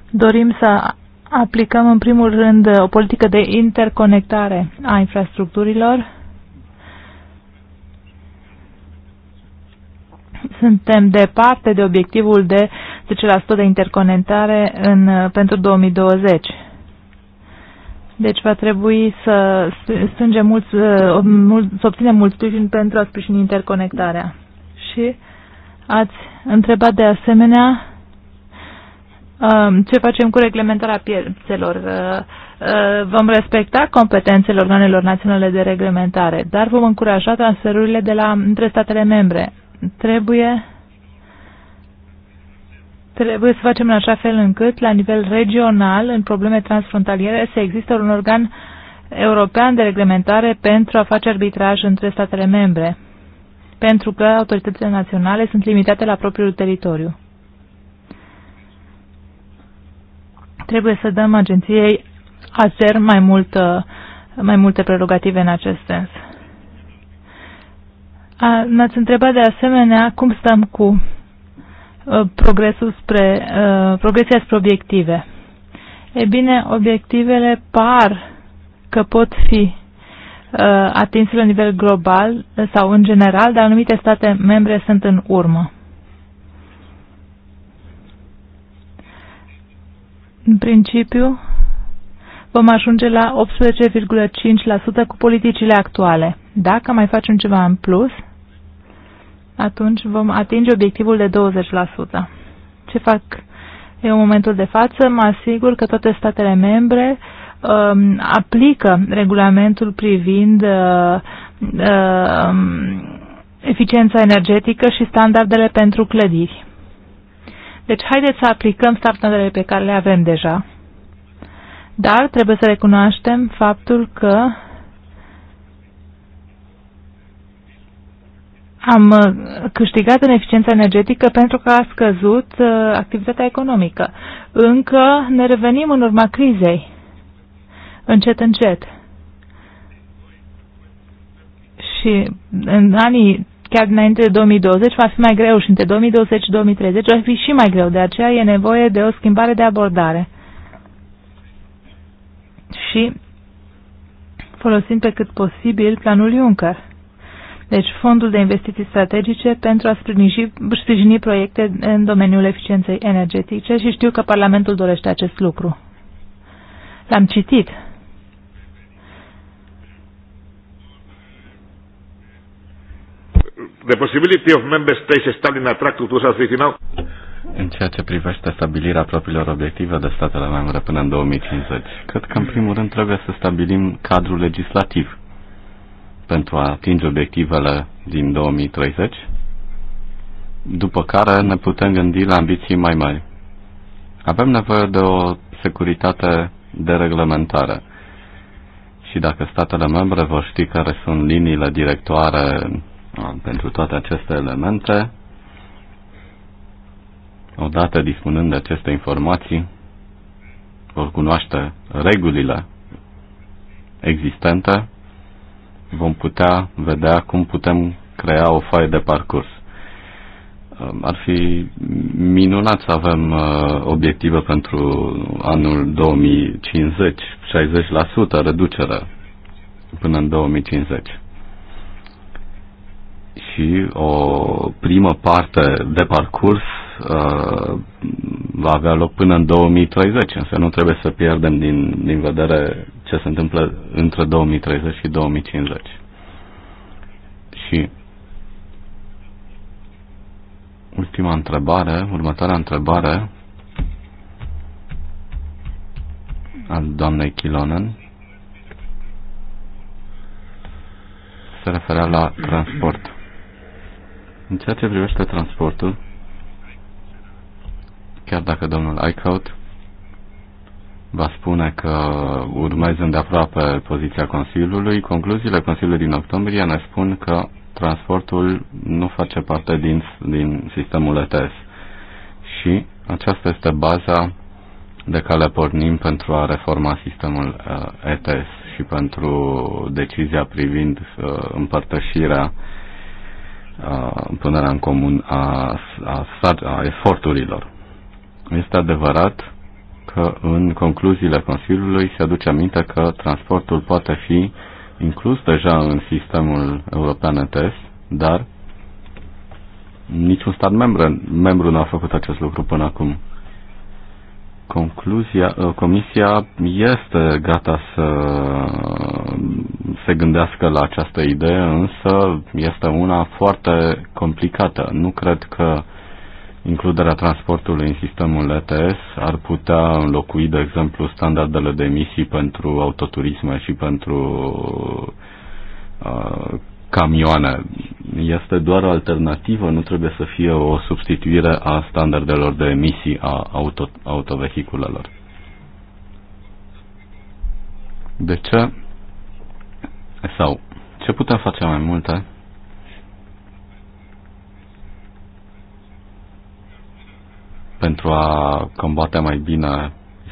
Dorim să aplicăm în primul rând o politică de interconectare a infrastructurilor. Suntem departe de obiectivul de 10% de interconectare în, pentru 2020. Deci va trebui să strângem mulți, uh, mult, să obținem mult sprijin pentru a sprijini interconectarea. Și ați întrebat de asemenea um, ce facem cu reglementarea piețelor. Uh, uh, vom respecta competențele organelor naționale de reglementare, dar vom încuraja transferurile de la, între statele membre. Trebuie Trebuie să facem în așa fel încât, la nivel regional, în probleme transfrontaliere, să există un organ european de reglementare pentru a face arbitraj între statele membre, pentru că autoritățile naționale sunt limitate la propriul teritoriu. Trebuie să dăm agenției ASER mai, multă, mai multe prerogative în acest sens. Ne-ați întrebat de asemenea cum stăm cu Uh, progresul spre, uh, progresia spre obiective. E bine, obiectivele par că pot fi uh, atinse la nivel global sau în general, dar anumite state membre sunt în urmă. În principiu, vom ajunge la 18,5% cu politicile actuale. Dacă mai facem ceva în plus, atunci vom atinge obiectivul de 20%. Ce fac eu în momentul de față? Mă asigur că toate statele membre um, aplică regulamentul privind uh, uh, eficiența energetică și standardele pentru clădiri. Deci haideți să aplicăm standardele pe care le avem deja. Dar trebuie să recunoaștem faptul că am uh, câștigat în eficiența energetică pentru că a scăzut uh, activitatea economică. Încă ne revenim în urma crizei, încet, încet. Și în anii chiar înainte de 2020 va fi mai greu și între 2020-2030 va fi și mai greu. De aceea e nevoie de o schimbare de abordare. Și folosim pe cât posibil planul Juncker deci Fondul de Investiții Strategice, pentru a sprijini, sprijini proiecte în domeniul eficienței energetice și știu că Parlamentul dorește acest lucru. L-am citit. The possibility of member states establishing attractive to now. În ceea ce privește stabilirea propriilor obiective de statele membre până în 2050, cred că în primul rând trebuie să stabilim cadrul legislativ pentru a atinge obiectivele din 2030, după care ne putem gândi la ambiții mai mari. Avem nevoie de o securitate de reglementare și dacă statele membre vor ști care sunt liniile directoare pentru toate aceste elemente, odată dispunând de aceste informații, vor cunoaște regulile existente vom putea vedea cum putem crea o foaie de parcurs. Ar fi minunat să avem uh, obiective pentru anul 2050, 60% reducere până în 2050 și o primă parte de parcurs uh, va avea loc până în 2030, însă nu trebuie să pierdem din, din vedere ce se întâmplă între 2030 și 2050. Și ultima întrebare, următoarea întrebare al doamnei Kilonen se referea la transport. În ceea ce privește transportul, chiar dacă domnul Eichhout va spune că urmează de aproape poziția Consiliului, concluziile Consiliului din octombrie ne spun că transportul nu face parte din, din sistemul ETS. Și aceasta este baza de care pornim pentru a reforma sistemul uh, ETS și pentru decizia privind uh, împărtășirea uh, punerea în comun a, a, a eforturilor. Este adevărat că în concluziile Consiliului se aduce aminte că transportul poate fi inclus deja în sistemul european ETS, dar niciun stat membru, membru nu a făcut acest lucru până acum. Concluzia, uh, comisia este gata să se gândească la această idee, însă este una foarte complicată. Nu cred că Includerea transportului în sistemul ETS ar putea înlocui, de exemplu, standardele de emisii pentru autoturisme și pentru uh, camioane. Este doar o alternativă, nu trebuie să fie o substituire a standardelor de emisii a auto, autovehiculelor. De ce? Sau ce putem face mai multe pentru a combate mai bine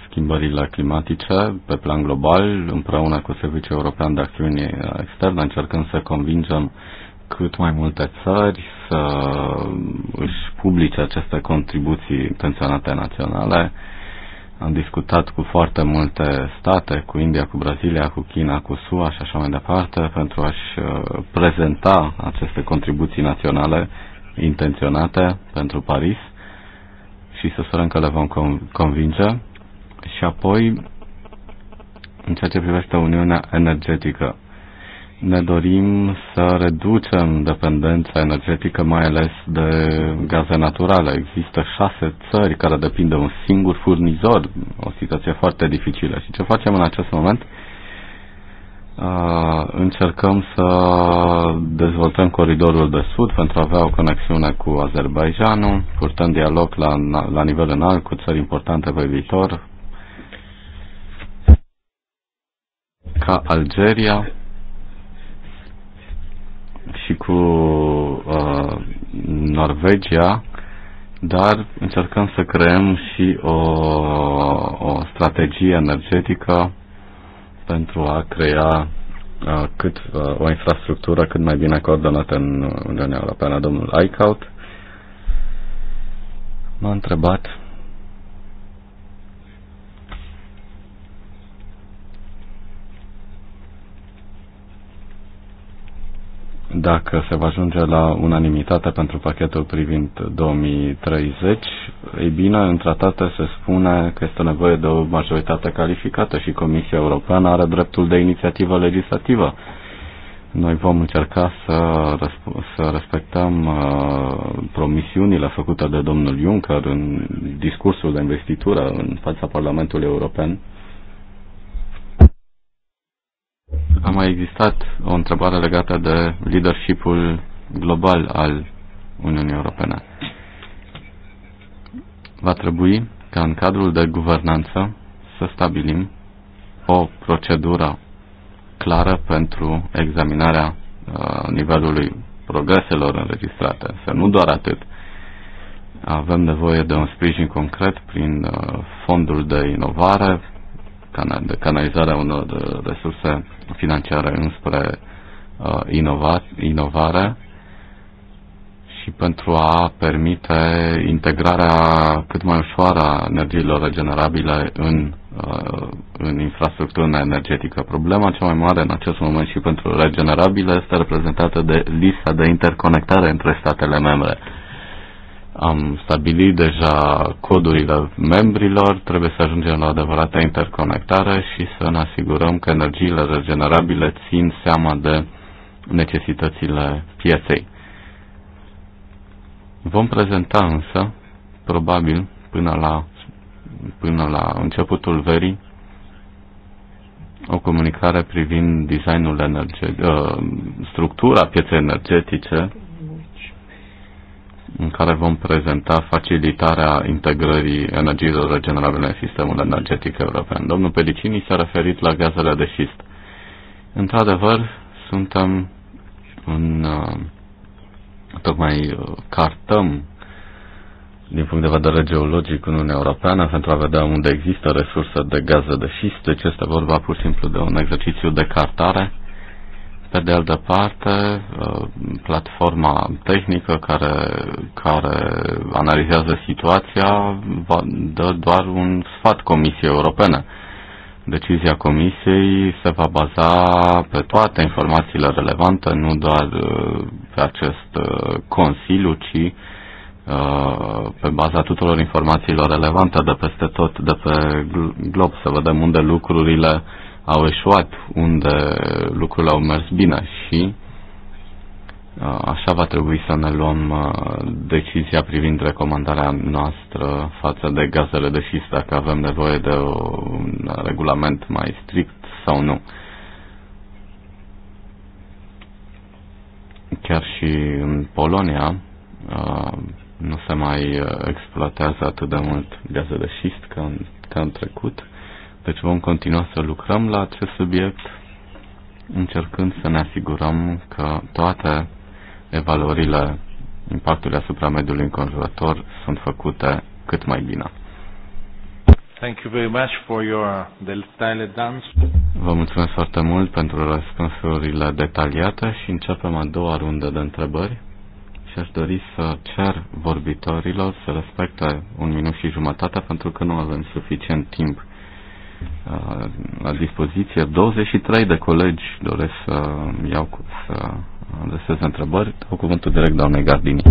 schimbările climatice pe plan global, împreună cu Serviciul European de Acțiune Externă, încercând să convingem cât mai multe țări să își publice aceste contribuții intenționate naționale. Am discutat cu foarte multe state, cu India, cu Brazilia, cu China, cu SUA și așa mai departe, pentru a-și uh, prezenta aceste contribuții naționale intenționate pentru Paris și să sperăm că le vom convinge. Și apoi, în ceea ce privește Uniunea Energetică, ne dorim să reducem dependența energetică, mai ales de gaze naturale. Există șase țări care depind de un singur furnizor, o situație foarte dificilă. Și ce facem în acest moment? încercăm să dezvoltăm coridorul de sud pentru a avea o conexiune cu Azerbaijanul, purtăm dialog la, la nivel înalt cu țări importante pe viitor, ca Algeria și cu uh, Norvegia, dar încercăm să creăm și o, o strategie energetică pentru a crea uh, cât uh, o infrastructură cât mai bine coordonată în Uniunea Europeană. Domnul Eichhout m-a întrebat Dacă se va ajunge la unanimitate pentru pachetul privind 2030, ei bine, în tratate se spune că este nevoie de o majoritate calificată și Comisia Europeană are dreptul de inițiativă legislativă. Noi vom încerca să, răsp- să respectăm uh, promisiunile făcute de domnul Juncker în discursul de investitură în fața Parlamentului European a mai existat o întrebare legată de leadershipul global al Uniunii Europene. Va trebui ca în cadrul de guvernanță să stabilim o procedură clară pentru examinarea uh, nivelului progreselor înregistrate. Să nu doar atât. Avem nevoie de un sprijin concret prin uh, fondul de inovare, de canalizarea unor uh, resurse financiare înspre uh, inova- inovare și pentru a permite integrarea cât mai ușoară a energiilor regenerabile în, uh, în infrastructura energetică. Problema cea mai mare în acest moment și pentru regenerabile este reprezentată de lista de interconectare între statele membre am stabilit deja codurile membrilor, trebuie să ajungem la adevărată interconectare și să ne asigurăm că energiile regenerabile țin seama de necesitățile pieței. Vom prezenta însă, probabil, până la, până la începutul verii, o comunicare privind designul energetic, ă, structura pieței energetice în care vom prezenta facilitarea integrării energiilor regenerabile în sistemul energetic european. Domnul Pedicini s-a referit la gazele de șist. Într-adevăr, suntem în... Uh, tocmai uh, cartăm din punct de vedere geologic în Uniunea Europeană pentru a vedea unde există resurse de gaze de șist, deci este vorba pur și simplu de un exercițiu de cartare pe de altă parte, uh, platforma tehnică care, care analizează situația va, dă doar un sfat Comisiei Europene. Decizia Comisiei se va baza pe toate informațiile relevante, nu doar uh, pe acest uh, Consiliu, ci pe baza tuturor informațiilor relevante de peste tot, de pe glob, să vedem unde lucrurile uh, au eșuat, unde lucrurile au mers bine și așa va trebui să ne luăm decizia privind recomandarea noastră față de gazele de șist, dacă avem nevoie de un regulament mai strict sau nu. Chiar și în Polonia nu se mai exploatează atât de mult gaze de șist ca în, ca în trecut deci vom continua să lucrăm la acest subiect, încercând să ne asigurăm că toate evaluările impactului asupra mediului înconjurător sunt făcute cât mai bine. Thank you very much for your dance. Vă mulțumesc foarte mult pentru răspunsurile detaliate și începem a doua rundă de întrebări și aș dori să cer vorbitorilor să respecte un minut și jumătate pentru că nu avem suficient timp la dispoziție. 23 de colegi doresc să iau cu, să adreseze întrebări. Dau cuvântul direct doamnei Gardini.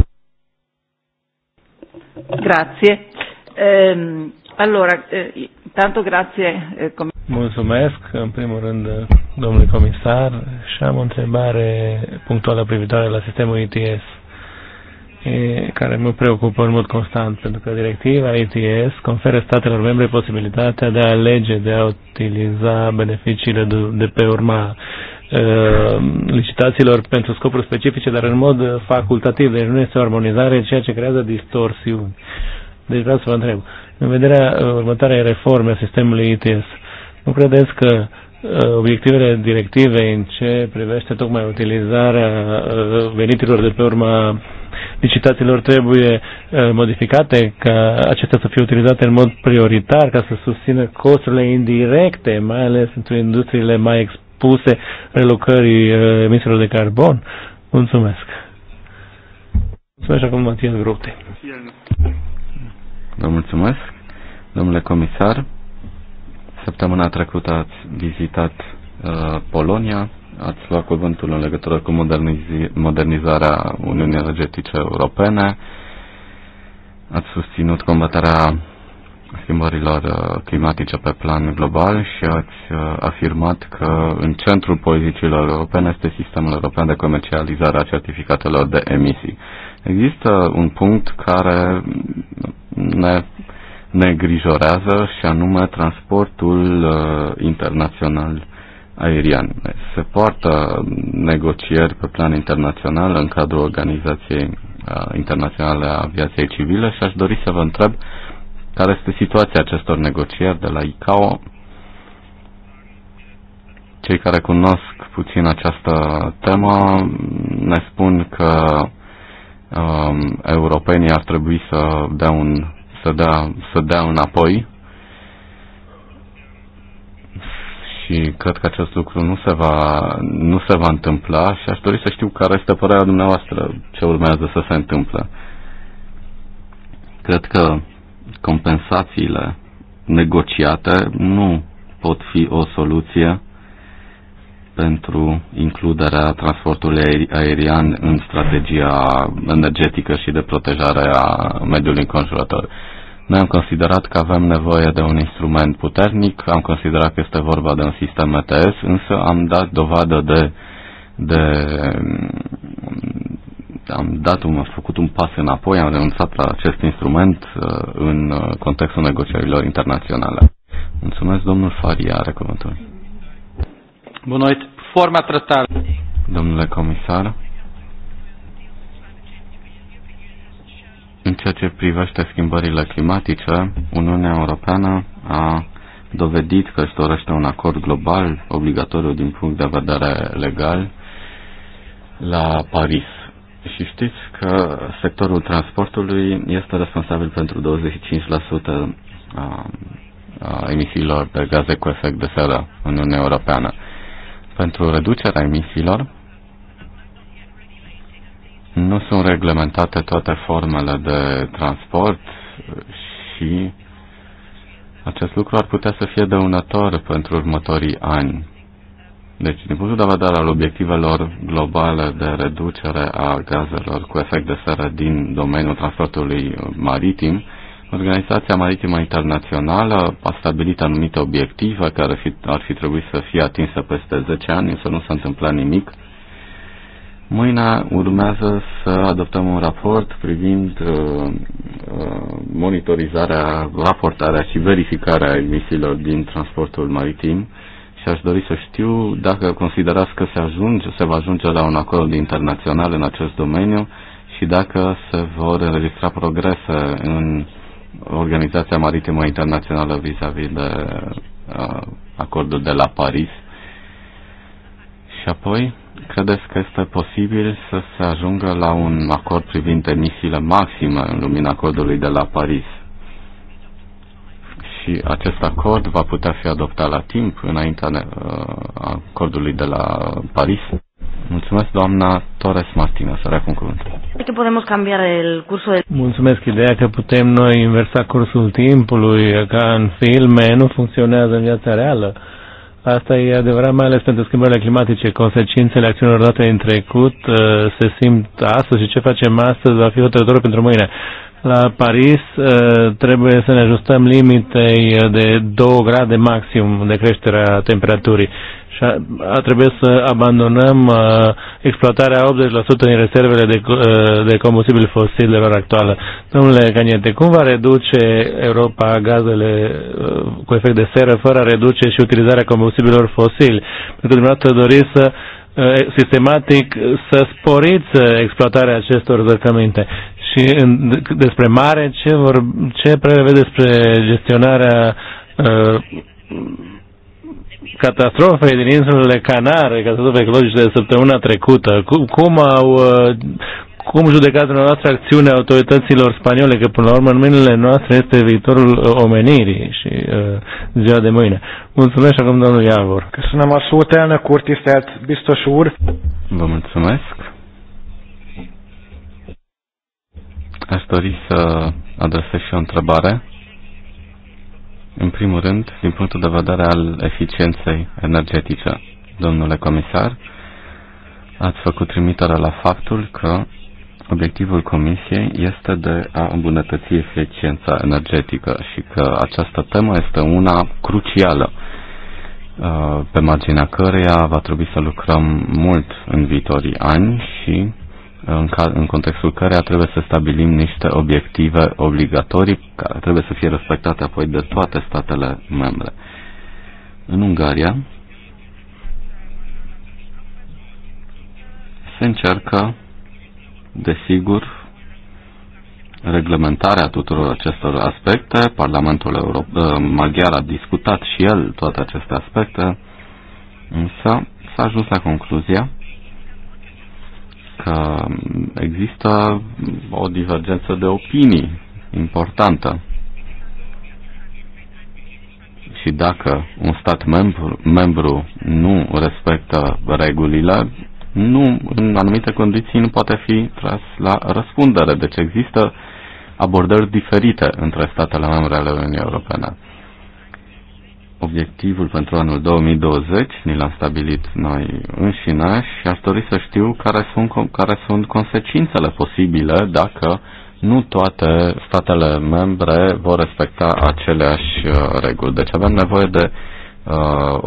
Grazie. Ehm, allora, eh, tanto grazie. Eh, Mulțumesc, în primul rând, domnule comisar, și am o întrebare punctuală privitoare la sistemul ITS care mă preocupă în mod constant, pentru că directiva ETS conferă statelor membre posibilitatea de a alege, de a utiliza beneficiile de, de pe urma licitațiilor pentru scopuri specifice, dar în mod facultativ, deci nu este o armonizare, ceea ce creează distorsiuni. Deci vreau să vă întreb, în vederea următoarei reforme a sistemului ITS, nu credeți că obiectivele directivei în ce privește tocmai utilizarea veniturilor de pe urma licitațiilor trebuie eh, modificate ca acestea să fie utilizate în mod prioritar ca să susțină costurile indirecte, mai ales între industriile mai expuse relocării eh, emisiilor de carbon. Mulțumesc! Mulțumesc acum Matias Grote. Vă mulțumesc, domnule comisar. Săptămâna trecută ați vizitat uh, Polonia, ați luat cuvântul în legătură cu modernizarea Uniunii Energetice Europene, ați susținut combaterea schimbărilor uh, climatice pe plan global și ați uh, afirmat că în centrul politicilor europene este sistemul european de comercializare a certificatelor de emisii. Există un punct care ne, ne grijorează și anume transportul uh, internațional aerian. Se poartă negocieri pe plan internațional în cadrul Organizației uh, Internaționale a Aviației Civile și aș dori să vă întreb care este situația acestor negocieri de la ICAO. Cei care cunosc puțin această temă ne spun că um, europenii ar trebui să dea, un, să, dea, să dea înapoi și cred că acest lucru nu se va, nu se va întâmpla și aș dori să știu care este părerea dumneavoastră, ce urmează să se întâmple. Cred că compensațiile negociate nu pot fi o soluție pentru includerea transportului aerian în strategia energetică și de protejare a mediului înconjurător. Noi am considerat că avem nevoie de un instrument puternic, am considerat că este vorba de un sistem ETS, însă am dat dovadă de, de am dat un, am făcut un pas înapoi, am renunțat la acest instrument uh, în uh, contextul negocierilor internaționale. Mulțumesc, domnul Faria, are cuvântul. Bună, forma tratată. Domnule comisar, În ceea ce privește schimbările climatice, Uniunea Europeană a dovedit că își dorește un acord global obligatoriu din punct de vedere legal la Paris. Și știți că sectorul transportului este responsabil pentru 25% a, a emisiilor de gaze cu efect de seră în Uniunea Europeană. Pentru reducerea emisiilor, nu sunt reglementate toate formele de transport și acest lucru ar putea să fie dăunător pentru următorii ani. Deci, din punctul de vedere al obiectivelor globale de reducere a gazelor cu efect de seră din domeniul transportului maritim, Organizația Maritimă Internațională a stabilit anumite obiective care fi, ar fi trebuit să fie atinse peste 10 ani, însă nu s-a întâmplat nimic Mâine urmează să adoptăm un raport privind uh, uh, monitorizarea, raportarea și verificarea emisiilor din transportul maritim și aș dori să știu dacă considerați că se, ajunge, se va ajunge la un acord internațional în acest domeniu și dacă se vor înregistra progrese în Organizația Maritimă Internațională vis-a-vis -vis de uh, acordul de la Paris. Și apoi, Credeți că este posibil să se ajungă la un acord privind emisiile maxime în lumina acordului de la Paris? Și acest acord va putea fi adoptat la timp înaintea uh, acordului de la Paris? Mulțumesc, doamna Torres Martina, să reacum cuvântul. Că putem cursul Mulțumesc, ideea că putem noi inversa cursul timpului, ca în filme, nu funcționează în viața reală. Asta e adevărat, mai ales pentru schimbările climatice. Consecințele acțiunilor date în trecut uh, se simt astăzi și ce facem astăzi va fi hotărător pentru mâine. La Paris uh, trebuie să ne ajustăm limitei de 2 grade maxim de creșterea temperaturii și a, trebuit să abandonăm uh, exploatarea 80% din reservele de, uh, de combustibil fosil de lor actuală. Domnule Caniete, cum va reduce Europa gazele uh, cu efect de seră fără a reduce și utilizarea combustibilor fosili? Pentru că dumneavoastră doriți să uh, sistematic să sporiți uh, exploatarea acestor zăcăminte. Și în, despre mare, ce, vor, ce prevede despre gestionarea uh, catastrofei din insulele Canare, catastrofe ecologice de săptămâna trecută, cum, cum au uh, cum judecat dumneavoastră acțiunea autorităților spaniole, că până la urmă în mâinile noastre este viitorul uh, omenirii și uh, ziua de mâine. Mulțumesc acum domnul Iavor. Köszönöm a szót, elnök úr, tisztelt biztos úr. Vă mulțumesc. Aș dori să adresez și o întrebare. În primul rând, din punctul de vedere al eficienței energetice, domnule comisar, ați făcut trimitere la faptul că obiectivul comisiei este de a îmbunătăți eficiența energetică și că această temă este una crucială uh, pe marginea căreia va trebui să lucrăm mult în viitorii ani și în, ca, în contextul căreia trebuie să stabilim niște obiective obligatorii care trebuie să fie respectate apoi de toate statele membre. În Ungaria se încearcă, desigur, reglementarea tuturor acestor aspecte. Parlamentul ă, maghiar a discutat și el toate aceste aspecte, însă s-a ajuns la concluzia că există o divergență de opinii importantă. Și dacă un stat membru, membru nu respectă regulile, nu, în anumite condiții nu poate fi tras la răspundere. Deci există abordări diferite între statele membre ale Uniunii Europene obiectivul pentru anul 2020, ni l-am stabilit noi înșine și aș dori să știu care sunt, care sunt consecințele posibile dacă nu toate statele membre vor respecta aceleași uh, reguli. Deci avem nevoie de uh,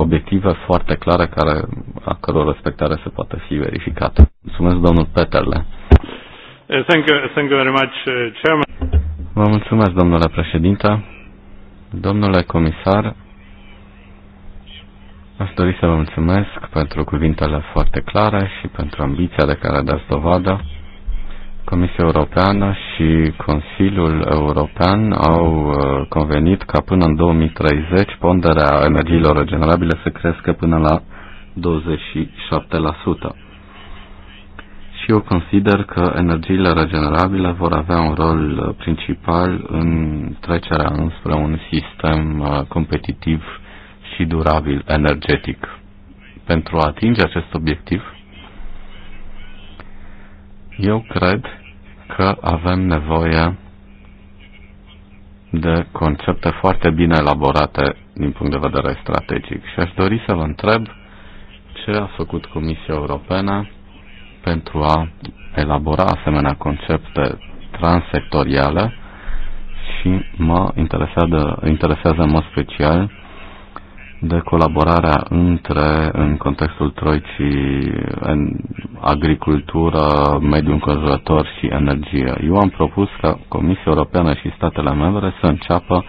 obiective foarte clare care, a căror respectare se poate fi verificată. Mulțumesc, domnul Peterle. Uh, thank you, thank you very much, uh, Chairman. Vă mulțumesc, domnule președinte. Domnule comisar, Aș dori să vă mulțumesc pentru cuvintele foarte clare și pentru ambiția de care dați dovadă. Comisia Europeană și Consiliul European au uh, convenit ca până în 2030 ponderea energiilor regenerabile să crească până la 27%. Și eu consider că energiile regenerabile vor avea un rol uh, principal în trecerea înspre un sistem uh, competitiv și durabil energetic. Pentru a atinge acest obiectiv, eu cred că avem nevoie de concepte foarte bine elaborate din punct de vedere strategic. Și aș dori să vă întreb ce a făcut Comisia Europeană pentru a elabora asemenea concepte transsectoriale și mă interesează, interesează în mod special de colaborarea între, în contextul troicii, în agricultură, mediul înconjurător și energie. Eu am propus ca Comisia Europeană și statele membre să înceapă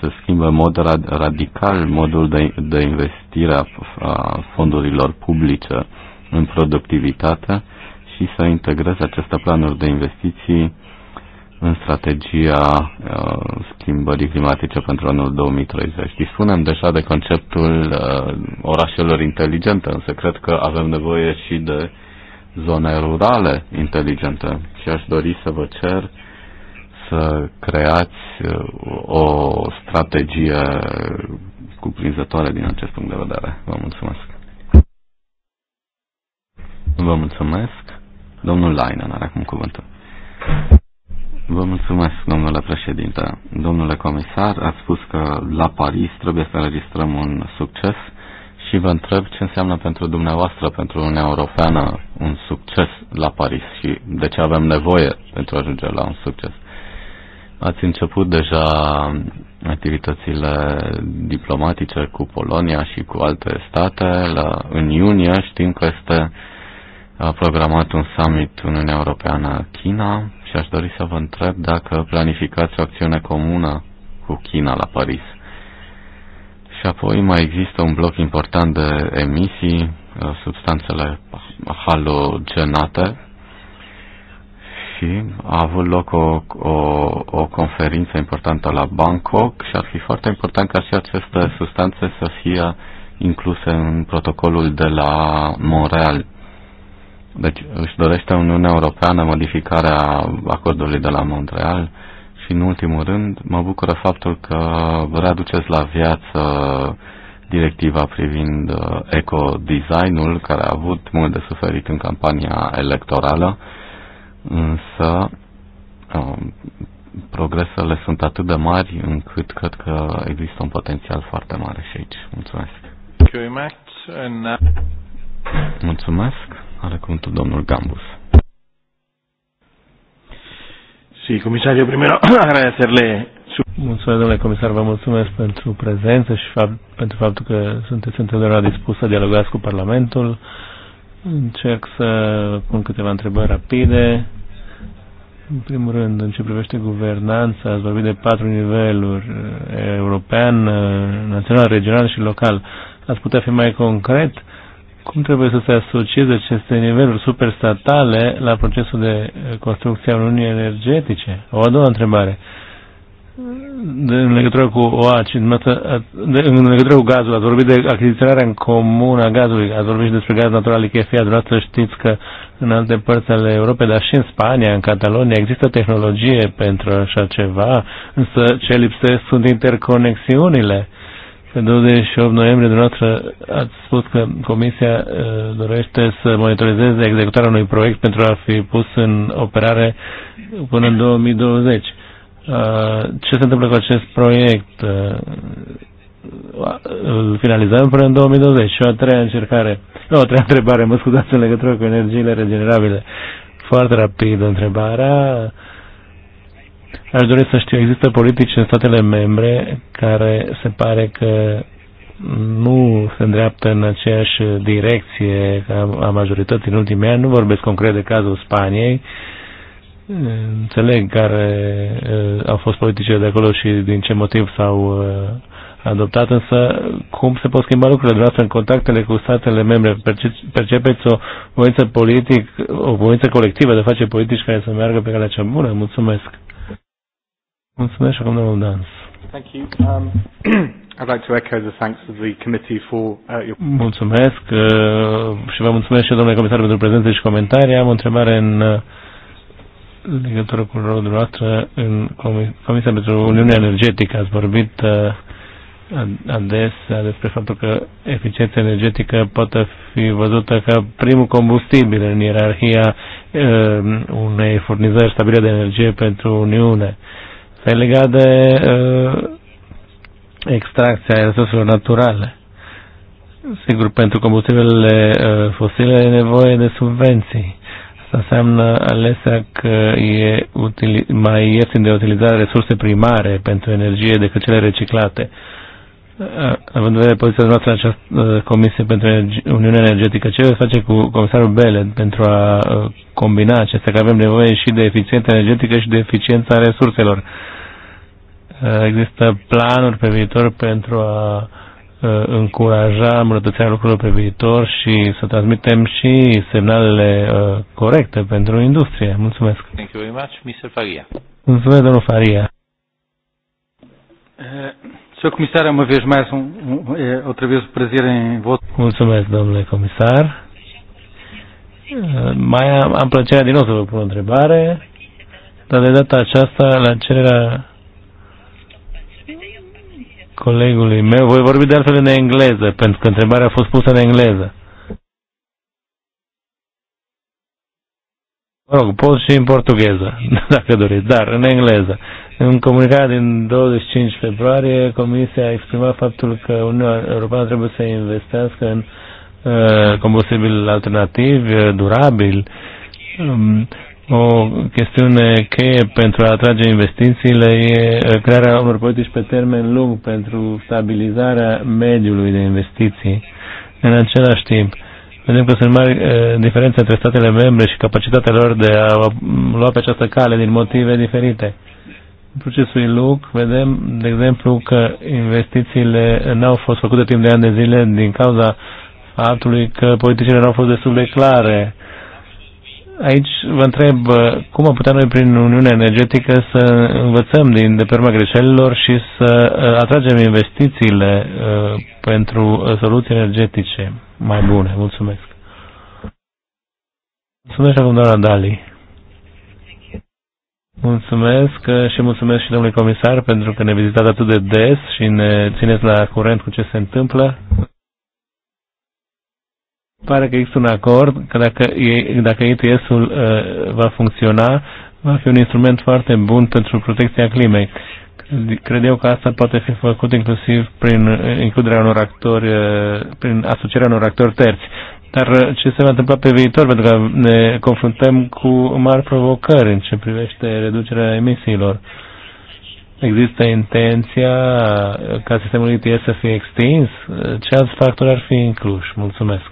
să schimbe în mod radical modul de, de investire a fondurilor publice în productivitate și să integreze aceste planuri de investiții în strategia uh, schimbării climatice pentru anul 2030. Dispunem deja de conceptul uh, orașelor inteligente, însă cred că avem nevoie și de zone rurale inteligente și aș dori să vă cer să creați uh, o strategie cuprinzătoare din acest punct de vedere. Vă mulțumesc. Vă mulțumesc. Domnul Lainan are acum cuvântul. Vă mulțumesc, domnule președinte. Domnule comisar, ați spus că la Paris trebuie să înregistrăm un succes și vă întreb ce înseamnă pentru dumneavoastră, pentru Uniunea Europeană, un succes la Paris și de ce avem nevoie pentru a ajunge la un succes. Ați început deja activitățile diplomatice cu Polonia și cu alte state. La, în iunie știm că este programat un summit Uniunea Europeană-China și aș dori să vă întreb dacă planificați o acțiune comună cu China la Paris. Și apoi mai există un bloc important de emisii, uh, substanțele halogenate și a avut loc o, o, o conferință importantă la Bangkok și ar fi foarte important ca și aceste substanțe să fie incluse în protocolul de la Montreal deci își dorește Uniunea Europeană modificarea acordului de la Montreal și, în ultimul rând, mă bucură faptul că readuceți la viață directiva privind uh, eco designul care a avut mult de suferit în campania electorală, însă um, progresele sunt atât de mari încât cred că există un potențial foarte mare și aici. Mulțumesc! Mulțumesc! Are cuvântul domnul Gambus. Sí, comisario, primero agradecerle Mulțumesc, domnule comisar, vă mulțumesc pentru prezență și fapt, pentru faptul că sunteți întotdeauna dispus să dialogați cu Parlamentul. Încerc să pun câteva întrebări rapide. În primul rând, în ce privește guvernanța, ați vorbit de patru niveluri, eh, european, eh, național, regional și local. Ați putea fi mai concret cum trebuie să se asocieze aceste niveluri superstatale la procesul de construcție a Uniunii Energetice? O a doua întrebare. De, în legătură cu OACI, în legătură cu gazul, ați vorbit de achiziționarea în comun a gazului, ați vorbit și despre gaz natural lichefiat, să știți că în alte părți ale Europei, dar și în Spania, în Catalonia, există tehnologie pentru așa ceva, însă ce lipsesc sunt interconexiunile pe 28 noiembrie, dumneavoastră ați spus că Comisia dorește să monitorizeze executarea unui proiect pentru a fi pus în operare până în 2020. Ce se întâmplă cu acest proiect? Îl finalizăm până în 2020. Și o a treia încercare, nu, o a treia întrebare, mă scuzați în legătură cu energiile regenerabile. Foarte rapid întrebarea Aș dori să știu, există politici în statele membre care se pare că nu se îndreaptă în aceeași direcție a majorității în ultimii ani. Nu vorbesc concret de cazul Spaniei. Înțeleg care eh, au fost politicile de acolo și din ce motiv s-au eh, adoptat, însă cum se pot schimba lucrurile dumneavoastră în contactele cu statele membre? Percepeți o voință politică, o voință colectivă de face politici care să meargă pe calea cea bună? Mulțumesc! Mulțumesc și domnul Dans. Thank you. Um, I'd like to echo the thanks of the committee for uh, your... Mulțumesc uh, și vă mulțumesc și domnule comisar pentru prezență și comentarii. Am o întrebare în uh, legătură cu rolul dumneavoastră în Comisia pentru Uniunea Energetică. Ați vorbit uh, ades despre faptul că eficiența energetică poate fi văzută ca primul combustibil în ierarhia uh, unei furnizări stabile de energie pentru Uniune. Uh, e legat de uh, extracția resurselor naturale. Sigur, pentru combustibilele uh, fosile e nevoie de subvenții. Asta înseamnă alesea că e mai ieftin de utilizare resurse primare pentru energie decât cele reciclate. Uh, Uh, având în vedere poziția noastră în această uh, Comisie pentru Uniunea Energetică, ce veți face cu comisarul Bele pentru a uh, combina acestea, că avem nevoie și de eficiență energetică și de eficiența resurselor? Există planuri pe viitor pentru a încuraja îmbunătățirea lucrurilor pe viitor și să transmitem și semnalele corecte pentru industrie. Mulțumesc! Thank you very much, Mr. Faria. Mulțumesc, domnul Faria. Uh... Sr. Comissário, uma vez mais, um, um, um, é, outra vez o prazer em voto. Mulțumesc, domnule comisar. Eh, mai am, am plăcerea din nou să vă pun o întrebare, dar de data aceasta, la cererea colegului meu, voi vorbi de altfel în engleză, pentru că întrebarea a fost pusă în engleză. Mă rog, pot și în portugheză, dacă doriți, dar în engleză. În comunicarea din 25 februarie, Comisia a exprimat faptul că Uniunea Europeană trebuie să investească în uh, combustibil alternativ, uh, durabil, um, o chestiune cheie pentru a atrage investițiile e uh, crearea unor politici pe termen lung pentru stabilizarea mediului de investiții. În același timp, uh, Vedem că sunt mari eh, diferențe între statele membre și capacitatea lor de a lua pe această cale din motive diferite. În procesul ILUC vedem, de exemplu, că investițiile n-au fost făcute timp de ani de zile din cauza faptului că politicile n-au fost destul de clare aici vă întreb cum am putea noi prin Uniunea Energetică să învățăm din de perma greșelilor și să ă, atragem investițiile ă, pentru soluții energetice mai bune. Mulțumesc. Mulțumesc acum doamna Dali. Mulțumesc ă, și mulțumesc și domnului comisar pentru că ne vizitați atât de des și ne țineți la curent cu ce se întâmplă. Pare că există un acord că dacă, dacă ETS-ul uh, va funcționa, va fi un instrument foarte bun pentru protecția climei. Cred eu că asta poate fi făcut inclusiv prin includerea unor actori, uh, prin asocierea unor actori terți. Dar uh, ce se va întâmpla pe viitor? Pentru că ne confruntăm cu mari provocări în ce privește reducerea emisiilor. Există intenția ca sistemul ITS să fie extins? Ce alți factori ar fi incluși? Mulțumesc.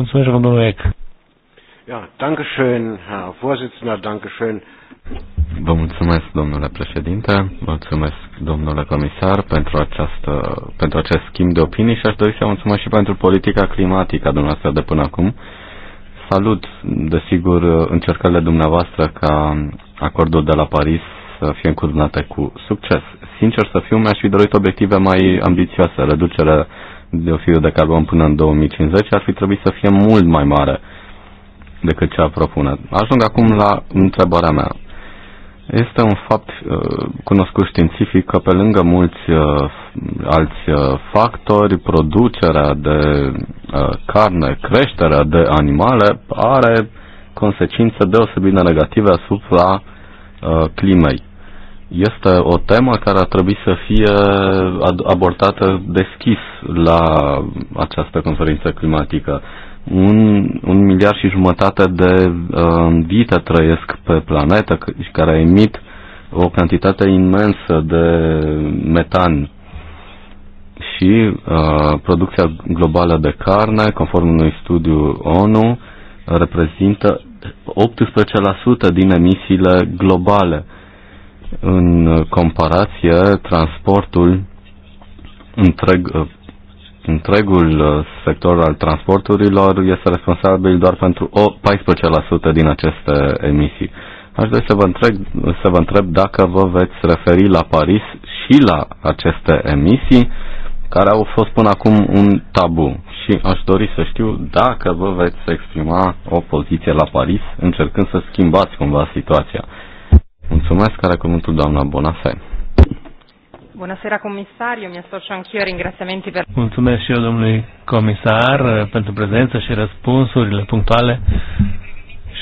Mulțumesc, domnul Eck. Ja, danke schön, Herr Vorsitzender, danke schön. Vă mulțumesc, domnule președinte, mulțumesc, domnule comisar, pentru, această, pentru acest schimb de opinii și aș dori să mulțumesc și pentru politica climatică a dumneavoastră de până acum. Salut, desigur, încercările dumneavoastră ca acordul de la Paris să fie încurnate cu succes. Sincer să fiu, mi-aș fi dorit obiective mai ambițioase, reducerea dioxidul de carbon până în 2050 ar fi trebuit să fie mult mai mare decât cea propune. Ajung acum la întrebarea mea. Este un fapt uh, cunoscut științific că pe lângă mulți uh, alți uh, factori, producerea de uh, carne, creșterea de animale are consecințe deosebit de negative asupra uh, climei este o temă care ar trebui să fie abordată deschis la această conferință climatică. Un, un miliard și jumătate de uh, vite trăiesc pe planetă și care emit o cantitate imensă de metan și uh, producția globală de carne, conform unui studiu ONU, reprezintă 18% din emisiile globale în comparație, transportul întreg, întregul sector al transporturilor este responsabil doar pentru o 14% din aceste emisii. Aș dori să vă, întreb, să vă întreb dacă vă veți referi la Paris și la aceste emisii care au fost până acum un tabu și aș dori să știu dacă vă veți exprima o poziție la Paris încercând să schimbați cumva situația. Mulțumesc, are cuvântul doamna Bonafe. seara commissario, mi associo anch'io ai ringraziamenti per... Mulțumesc și eu domnului comisar eh, pentru prezență și răspunsurile punctuale.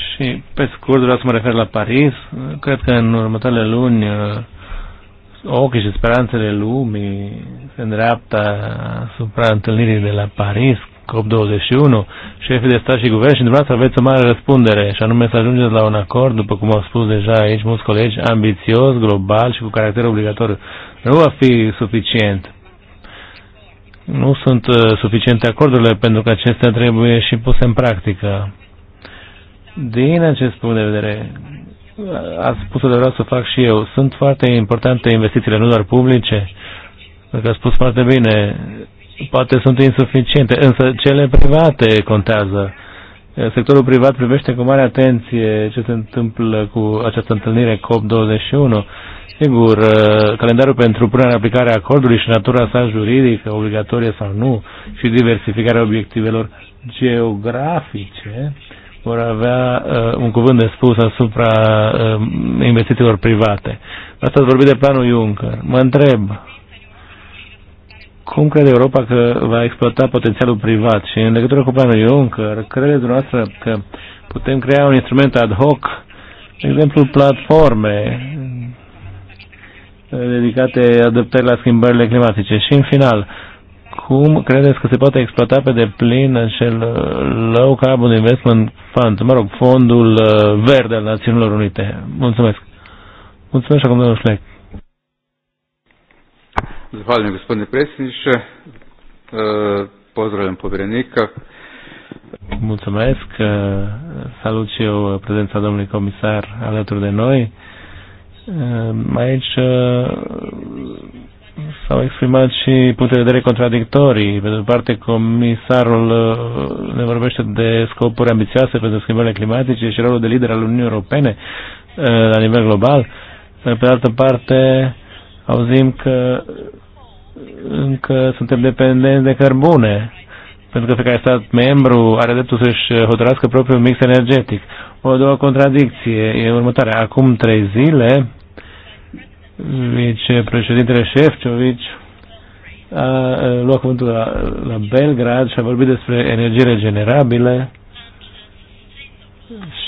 Și pe scurt vreau să mă refer la Paris. Cred că în următoarele luni eh, ochii și speranțele lumii se îndreaptă asupra întâlnirii de la Paris COP21, șefii de stat și guvern și dumneavoastră aveți o mare răspundere, și anume să ajungeți la un acord, după cum au spus deja aici mulți colegi, ambițios, global și cu caracter obligatoriu. Nu va fi suficient. Nu sunt uh, suficiente acordurile pentru că acestea trebuie și puse în practică. Din acest punct de vedere, ați spus-o de vreau să fac și eu, sunt foarte importante investițiile, nu doar publice, pentru că a spus foarte bine, poate sunt insuficiente, însă cele private contează. Sectorul privat privește cu mare atenție ce se întâmplă cu această întâlnire COP21. Sigur, uh, calendarul pentru punerea în aplicare a acordului și natura sa juridică, obligatorie sau nu, și diversificarea obiectivelor geografice vor avea uh, un cuvânt de spus asupra uh, investițiilor private. Asta ați vorbit de planul Juncker. Mă întreb, cum crede Europa că va exploata potențialul privat? Și în legătură cu planul Juncker, credeți dumneavoastră că putem crea un instrument ad hoc, de exemplu platforme dedicate adaptării la schimbările climatice? Și în final, cum credeți că se poate exploata pe deplin acel Low Carbon Investment Fund, mă rog, fondul uh, verde al Națiunilor Unite? Mulțumesc! Mulțumesc și acum domnul Schleck. Zahvaljujem gospodine predsjedniče. Pozdravljam povjerenika. Mulțumesc. Salut și eu prezența domnului comisar alături de noi. Aici s-au exprimat și puncte de vedere contradictorii. Pe de o parte, comisarul ne vorbește de scopuri ambițioase pentru schimbările climatice și rolul de lider al Uniunii Europene la nivel global. Pe de altă parte, auzim că încă suntem dependenți de cărbune, pentru că fiecare stat membru are dreptul să-și hotărască propriul mix energetic. O a doua contradicție e următoarea. Acum trei zile, vicepreședintele Șefcovici a luat cuvântul la, la Belgrad și a vorbit despre energie regenerabile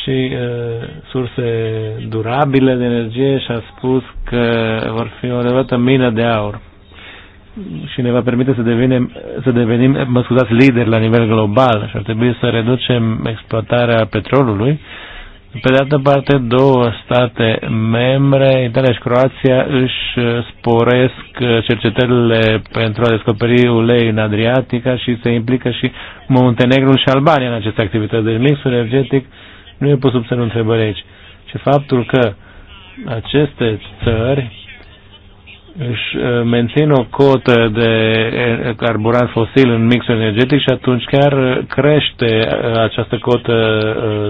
și uh, surse durabile de energie și a spus că vor fi o adevărată mină de aur și ne va permite să devenim, să devenim mă scuzați, lideri la nivel global și ar trebui să reducem exploatarea petrolului. Pe de altă parte, două state membre, Italia și Croația, își sporesc cercetările pentru a descoperi ulei în Adriatica și se implică și Montenegrul și Albania în aceste activități. Deci mixul energetic nu e pus sub semnul întrebării aici. Și faptul că aceste țări își uh, mențin o cotă de uh, carburant fosil în mixul energetic și atunci chiar uh, crește această cotă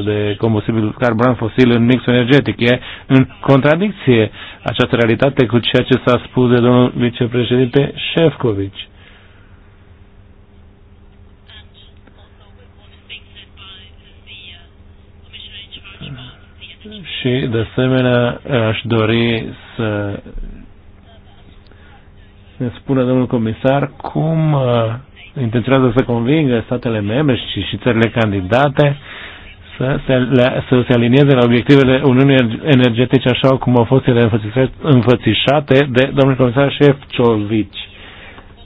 de combustibil carburant fosil în mixul energetic. E în contradicție această realitate cu ceea ce s-a spus de domnul vicepreședinte Șefcovici. Și, de asemenea, aș dori să ne spună domnul comisar cum uh, intenționează să convingă statele membre și, și țările candidate să se, să se alinieze la obiectivele Uniunii Energetice așa cum au fost ele înfățișate de domnul comisar Ciovici.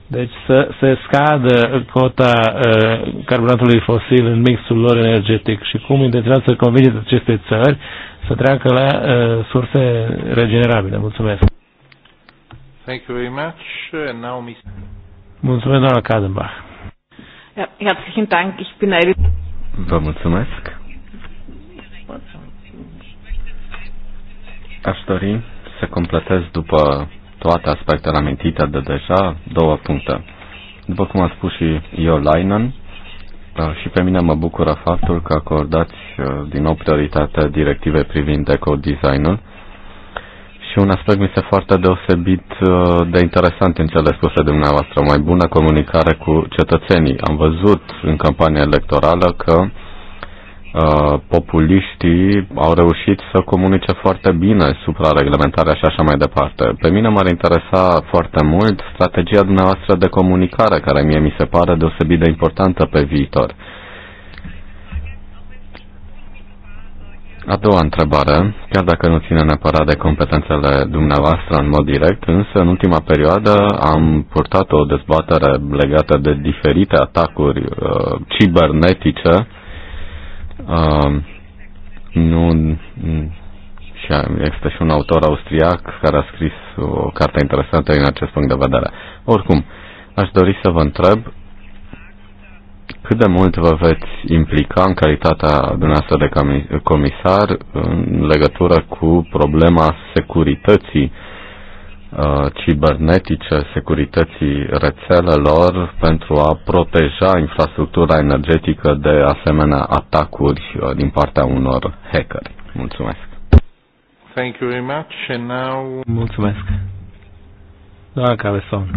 Deci să se scadă cota uh, carburantului fosil în mixul lor energetic și cum intenționează să convingeți aceste țări să treacă la uh, surse regenerabile. Mulțumesc! Thank you very much. now, Ms. Mulțumesc, doamna Kadenbach. Herzlichen Dank. Ich Vă mulțumesc. Aș dori să completez după toate aspectele amintite de deja două puncte. După cum a spus și Lainan, uh, și pe mine mă bucură faptul că acordați uh, din nou prioritatea directive privind eco-designul și un aspect mi se foarte deosebit uh, de interesant în cele spuse dumneavoastră, mai bună comunicare cu cetățenii. Am văzut în campania electorală că uh, populiștii au reușit să comunice foarte bine suprareglementarea și așa mai departe. Pe mine m-ar interesa foarte mult strategia dumneavoastră de comunicare, care mie mi se pare deosebit de importantă pe viitor. Uh, A doua întrebare, chiar dacă nu ține neapărat de competențele dumneavoastră în mod direct, însă în ultima perioadă am purtat o dezbatere legată de diferite atacuri uh, cibernetice, uh, nu, mm, și există și un autor austriac care a scris o carte interesantă din acest punct de vedere. Oricum, aș dori să vă întreb cât de mult vă veți implica în calitatea dumneavoastră de comisar în legătură cu problema securității uh, cibernetice, securității rețelelor pentru a proteja infrastructura energetică de asemenea atacuri uh, din partea unor hackeri. Mulțumesc. Thank you very much and now... Mulțumesc. Doamna Caveson.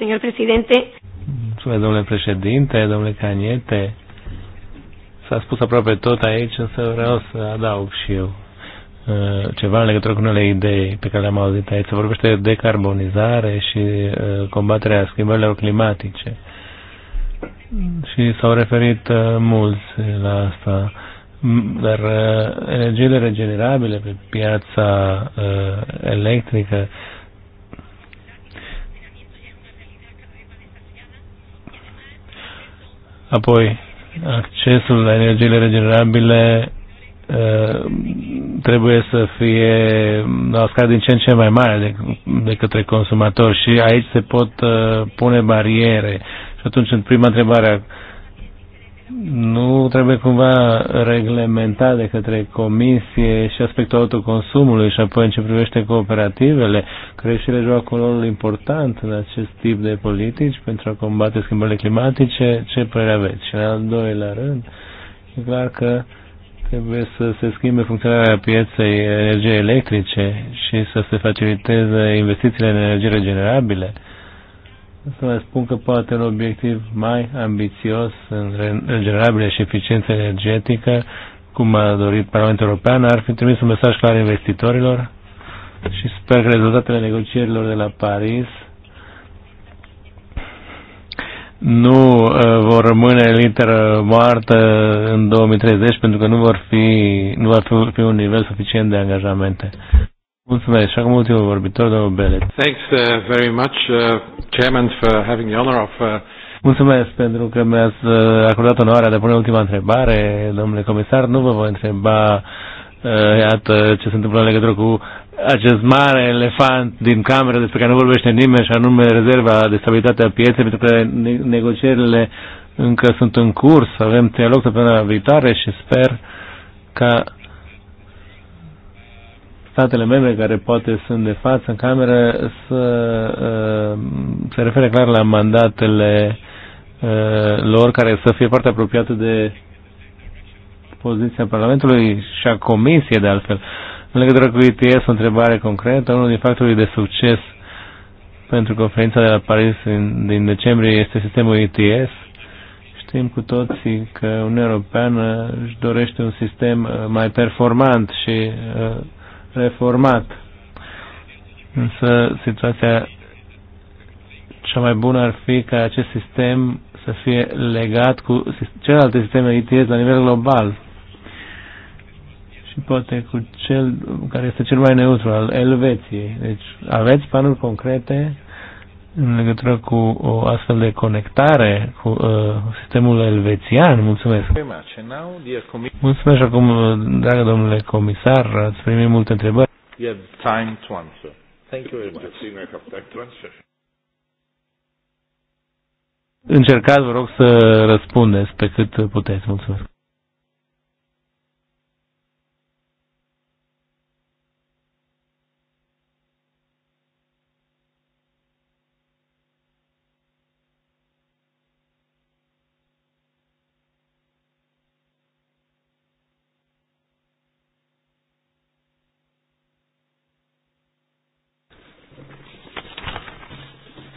Señor presidente. Mulțumesc, domnule președinte, domnule Caniete. S-a spus aproape tot aici, însă vreau să adaug și eu uh, ceva în legătură cu unele idei pe care le-am auzit aici. Se vorbește de decarbonizare și uh, combaterea schimbărilor climatice. Și s-au referit uh, mulți la asta. Mm, dar energiile regenerabile pe piața electrică Apoi, accesul la energiile regenerabile ă, trebuie să fie la scară din ce în ce mai mare de, de către consumatori și aici se pot ă, pune bariere. Și atunci, în prima întrebare nu trebuie cumva reglementat de către comisie și aspectul autoconsumului și apoi în ce privește cooperativele, care joacă un rol important în acest tip de politici pentru a combate schimbările climatice, ce părere aveți? Și în al doilea rând, e clar că trebuie să se schimbe funcționarea pieței energiei electrice și să se faciliteze investițiile în energie regenerabile să vă spun că poate un obiectiv mai ambițios în regenerabilă și eficiență energetică, cum a dorit Parlamentul European, ar fi trimis un mesaj clar investitorilor și sper că rezultatele negocierilor de la Paris nu uh, vor rămâne literă moartă în 2030 pentru că nu vor fi, nu va fi un nivel suficient de angajamente. Mulțumesc. Și acum ultimul vorbitor, domnul Belet. Thanks uh, very much, uh, Chairman, for having the honor of... Uh... Mulțumesc pentru că mi-ați uh, acordat onoarea de a pune ultima întrebare, domnule comisar. Nu vă voi întreba uh, iată ce se întâmplă în legătură cu acest mare elefant din cameră despre care nu vorbește nimeni și anume rezerva de stabilitate a pieței pentru că negocierile încă sunt în curs, avem trialog săptămâna viitoare și sper ca statele membre care poate sunt de față în cameră să uh, se refere clar la mandatele uh, lor care să fie foarte apropiate de poziția Parlamentului și a Comisiei de altfel. În legătură cu ITS, o întrebare concretă, unul din factorii de succes pentru conferința de la Paris din decembrie este sistemul ITS. Știm cu toții că Uniunea Europeană își dorește un sistem uh, mai performant și reformat. Însă situația cea mai bună ar fi ca acest sistem să fie legat cu celelalte sisteme ITS la nivel global și poate cu cel care este cel mai neutru al Elveției. Deci aveți planuri concrete în legătură cu o astfel de conectare cu uh, sistemul elvețian. Mulțumesc! Mulțumesc acum, uh, dragă domnule comisar, ați primit multe întrebări. time to answer. Thank you very much. Încercați, vă rog, să răspundeți pe cât puteți. Mulțumesc!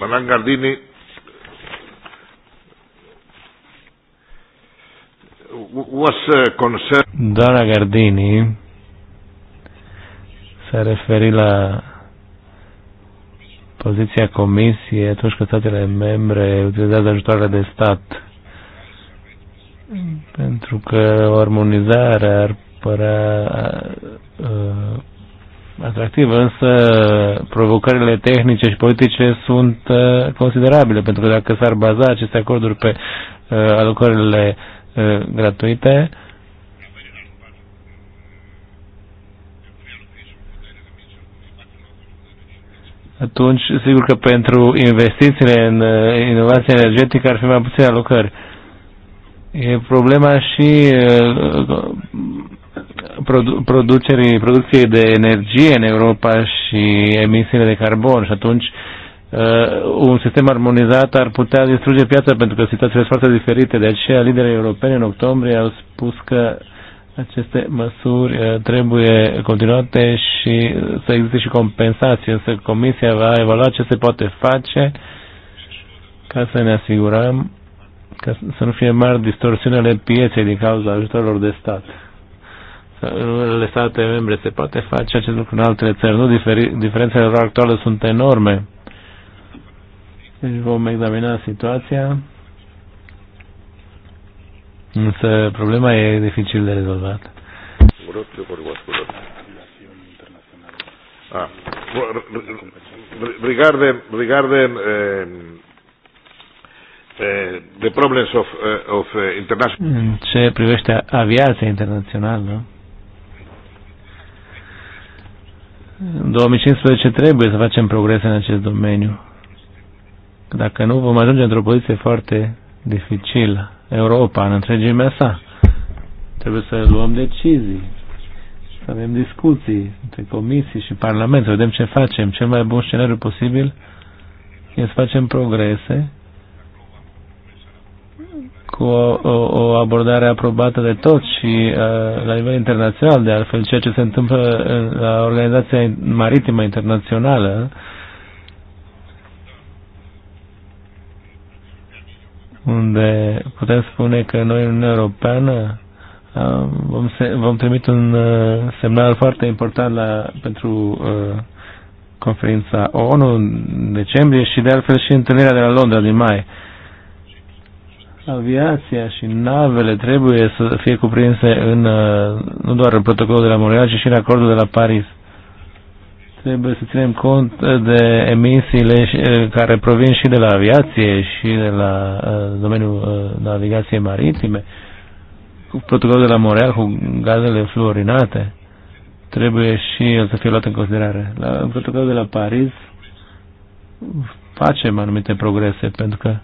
Manan Gardini was concerned. Doamna Gardini s-a referit la poziția Comisiei atunci când statele membre utilizează ajutoarele de stat pentru că armonizarea ar părea uh, atractivă, însă provocările tehnice și politice sunt uh, considerabile, pentru că dacă s-ar baza aceste acorduri pe uh, alocările uh, gratuite, atunci, sigur că pentru investițiile în inovație energetică ar fi mai puține alocări. E problema și produ producerii, producției de energie în Europa și emisiile de carbon și atunci uh, un sistem armonizat ar putea distruge piața pentru că situațiile sunt foarte diferite. De aceea liderii europeni în octombrie au spus că aceste măsuri uh, trebuie continuate și să existe și compensații, însă Comisia va evalua ce se poate face ca să ne asigurăm ca să nu fie mari distorsiunile pieței din cauza ajutorilor de stat în unele state membre se poate face acest lucru, în altele țări nu, diferențele lor actuale sunt enorme. Deci vom examina situația, însă problema e dificil de rezolvat. Ah. Regarding, regarding eh, eh, the problems of, eh, of eh, international... ce privește aviația internațională, nu? În 2015 trebuie să facem progrese în acest domeniu. dacă nu, vom ajunge într-o poziție foarte dificilă. Europa, în întregimea sa, trebuie să luăm decizii, să avem discuții între comisii și parlament, să vedem ce facem. Cel mai bun scenariu posibil e să facem progrese cu o, o, o abordare aprobată de toți și uh, la nivel internațional, de altfel, ceea ce se întâmplă uh, la Organizația Maritimă Internațională, unde putem spune că noi în Uniunea Europeană vom, se, vom trimite un uh, semnal foarte important la, pentru uh, conferința ONU în decembrie și de altfel și întâlnirea de la Londra din mai. Uh, aviația și navele trebuie să fie cuprinse în, uh, nu doar în protocolul de la Montreal, ci și în acordul de la Paris. Trebuie să ținem cont uh, de emisiile uh, care provin și de la aviație și de la domeniul navigației maritime, cu protocolul de la Montreal, cu gazele fluorinate. Trebuie și el să fie luat în considerare. La protocolul de la Paris facem anumite progrese pentru că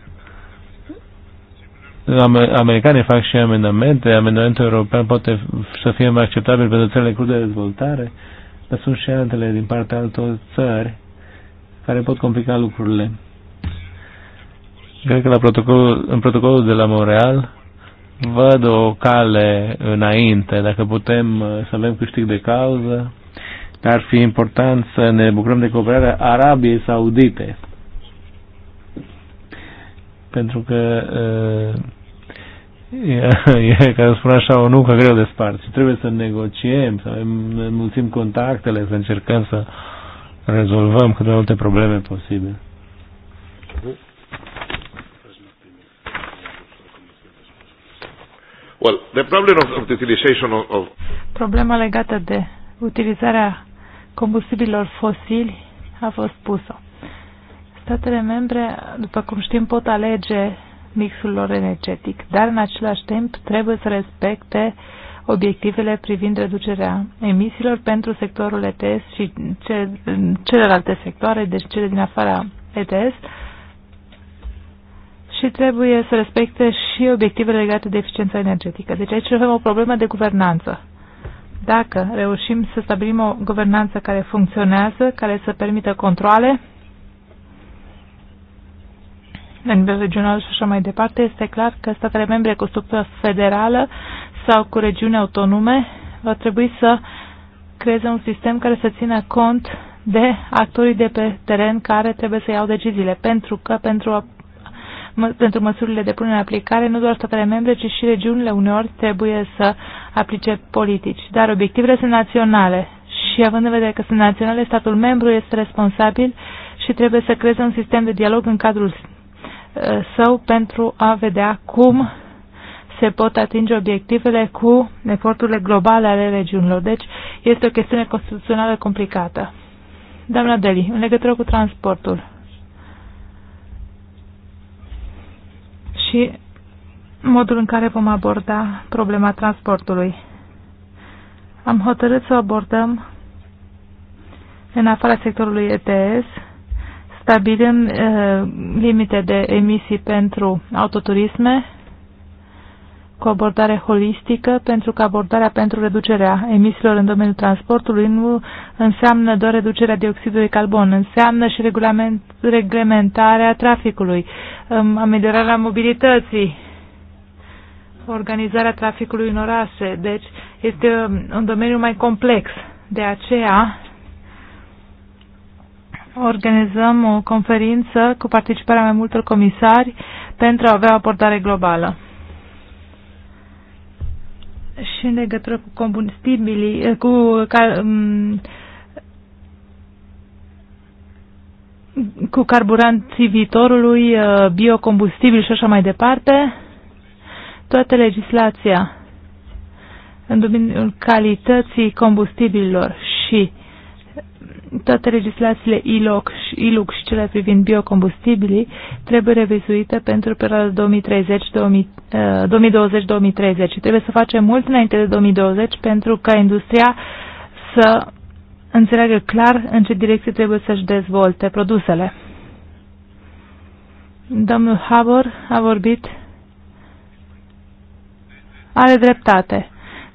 americanii fac și amendamente, amendamentul european poate să fie mai acceptabil pentru țările cu de dezvoltare, dar sunt și altele din partea altor țări care pot complica lucrurile. Cred că la protocol, în protocolul de la Montreal văd o cale înainte, dacă putem uh, să avem câștig de cauză, dar ar fi important să ne bucurăm de cooperarea Arabiei Saudite. Pentru că uh, e, ca să spun așa, o nucă greu de spart. Și trebuie să negociem, să ne mulțim contactele, să încercăm să rezolvăm cât mai multe probleme posibile. Well, the problem of, of the utilization of, of Problema legată de utilizarea combustibilor fosili a fost pusă. Statele membre, după cum știm, pot alege mixul lor energetic, dar în același timp trebuie să respecte obiectivele privind reducerea emisiilor pentru sectorul ETS și ce, celelalte sectoare, deci cele din afara ETS, și trebuie să respecte și obiectivele legate de eficiența energetică. Deci aici avem o problemă de guvernanță. Dacă reușim să stabilim o guvernanță care funcționează, care să permită controle, la nivel regional și așa mai departe, este clar că statele membre cu structură federală sau cu regiuni autonome va trebui să creeze un sistem care să țină cont de actorii de pe teren care trebuie să iau deciziile, pentru că pentru a pentru măsurile de punere în aplicare, nu doar statele membre, ci și regiunile uneori trebuie să aplice politici. Dar obiectivele sunt naționale și având în vedere că sunt naționale, statul membru este responsabil și trebuie să creeze un sistem de dialog în cadrul său pentru a vedea cum se pot atinge obiectivele cu eforturile globale ale regiunilor. Deci este o chestiune constituțională complicată. Doamna Deli, în legătură cu transportul și modul în care vom aborda problema transportului. Am hotărât să abordăm în afara sectorului ETS stabilim uh, limite de emisii pentru autoturisme cu abordare holistică, pentru că abordarea pentru reducerea emisiilor în domeniul transportului nu înseamnă doar reducerea dioxidului carbon, înseamnă și regulament, reglementarea traficului, um, ameliorarea mobilității, organizarea traficului în orașe. Deci este um, un domeniu mai complex. De aceea organizăm o conferință cu participarea mai multor comisari pentru a avea o abordare globală. Și în legătură cu combustibilii, eh, cu cal, mm, cu carburanții viitorului, eh, biocombustibil și așa mai departe, toată legislația în domeniul calității combustibililor și toate legislațiile ILOC, ILUC și cele privind biocombustibilii trebuie revizuite pentru perioada 2020-2030. Uh, trebuie să facem mult înainte de 2020 pentru ca industria să înțeleagă clar în ce direcție trebuie să-și dezvolte produsele. Domnul Habor a vorbit. Are dreptate.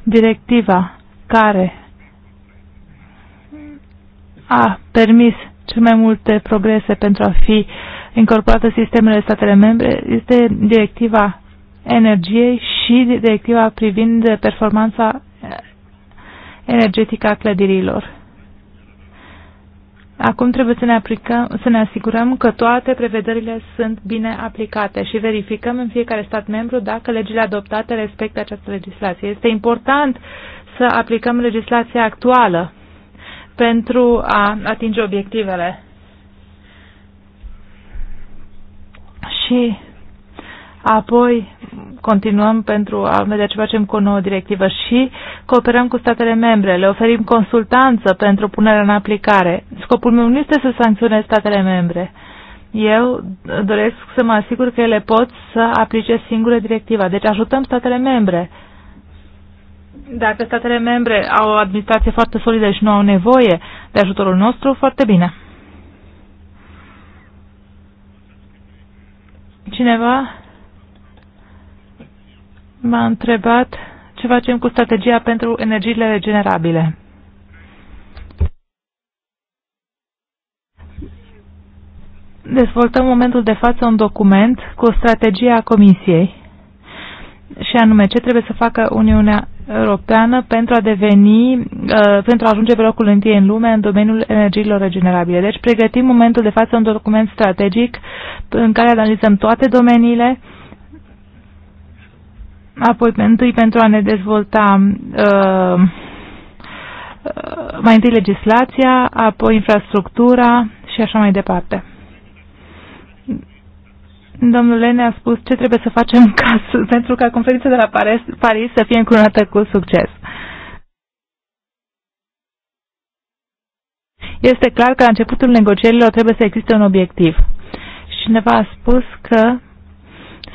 Directiva care a permis cel mai multe progrese pentru a fi incorporată sistemele statele membre este directiva energiei și directiva privind performanța energetică a clădirilor. Acum trebuie să ne, aplicăm, să ne asigurăm că toate prevederile sunt bine aplicate și verificăm în fiecare stat membru dacă legile adoptate respectă această legislație. Este important să aplicăm legislația actuală pentru a atinge obiectivele. Și apoi continuăm pentru a vedea ce facem cu o nouă directivă și cooperăm cu statele membre, le oferim consultanță pentru punerea în aplicare. Scopul meu nu este să sancționez statele membre. Eu doresc să mă asigur că ele pot să aplice singure directiva. Deci ajutăm statele membre dacă statele membre au o administrație foarte solidă și nu au nevoie de ajutorul nostru, foarte bine. Cineva m-a întrebat ce facem cu strategia pentru energiile regenerabile. Dezvoltăm în momentul de față un document cu strategia Comisiei și anume ce trebuie să facă Uniunea Europeană pentru a deveni, uh, pentru a ajunge pe locul întâi în lume în domeniul energiilor regenerabile. Deci pregătim momentul de față un document strategic în care analizăm toate domeniile, apoi întâi pentru a ne dezvolta uh, uh, mai întâi legislația, apoi infrastructura și așa mai departe domnule ne a spus ce trebuie să facem ca, pentru ca conferința de la Paris, Paris să fie încurunată cu succes. Este clar că la începutul negocierilor trebuie să existe un obiectiv. Și cineva a spus că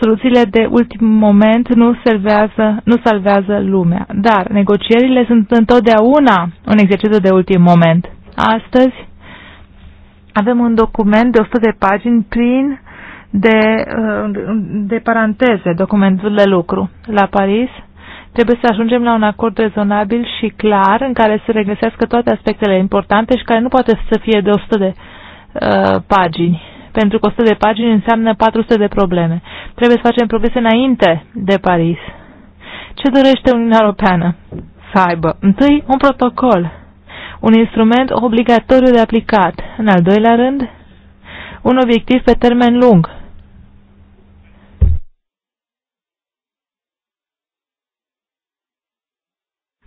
soluțiile de ultim moment nu salvează, nu salvează lumea. Dar negocierile sunt întotdeauna un exercițiu de ultim moment. Astăzi avem un document de 100 de pagini prin de, de paranteze, documentul de lucru. La Paris trebuie să ajungem la un acord rezonabil și clar în care să regăsească toate aspectele importante și care nu poate să fie de 100 de uh, pagini. Pentru că 100 de pagini înseamnă 400 de probleme. Trebuie să facem progrese înainte de Paris. Ce dorește Uniunea Europeană? Să aibă întâi un protocol, un instrument obligatoriu de aplicat, în al doilea rând, un obiectiv pe termen lung,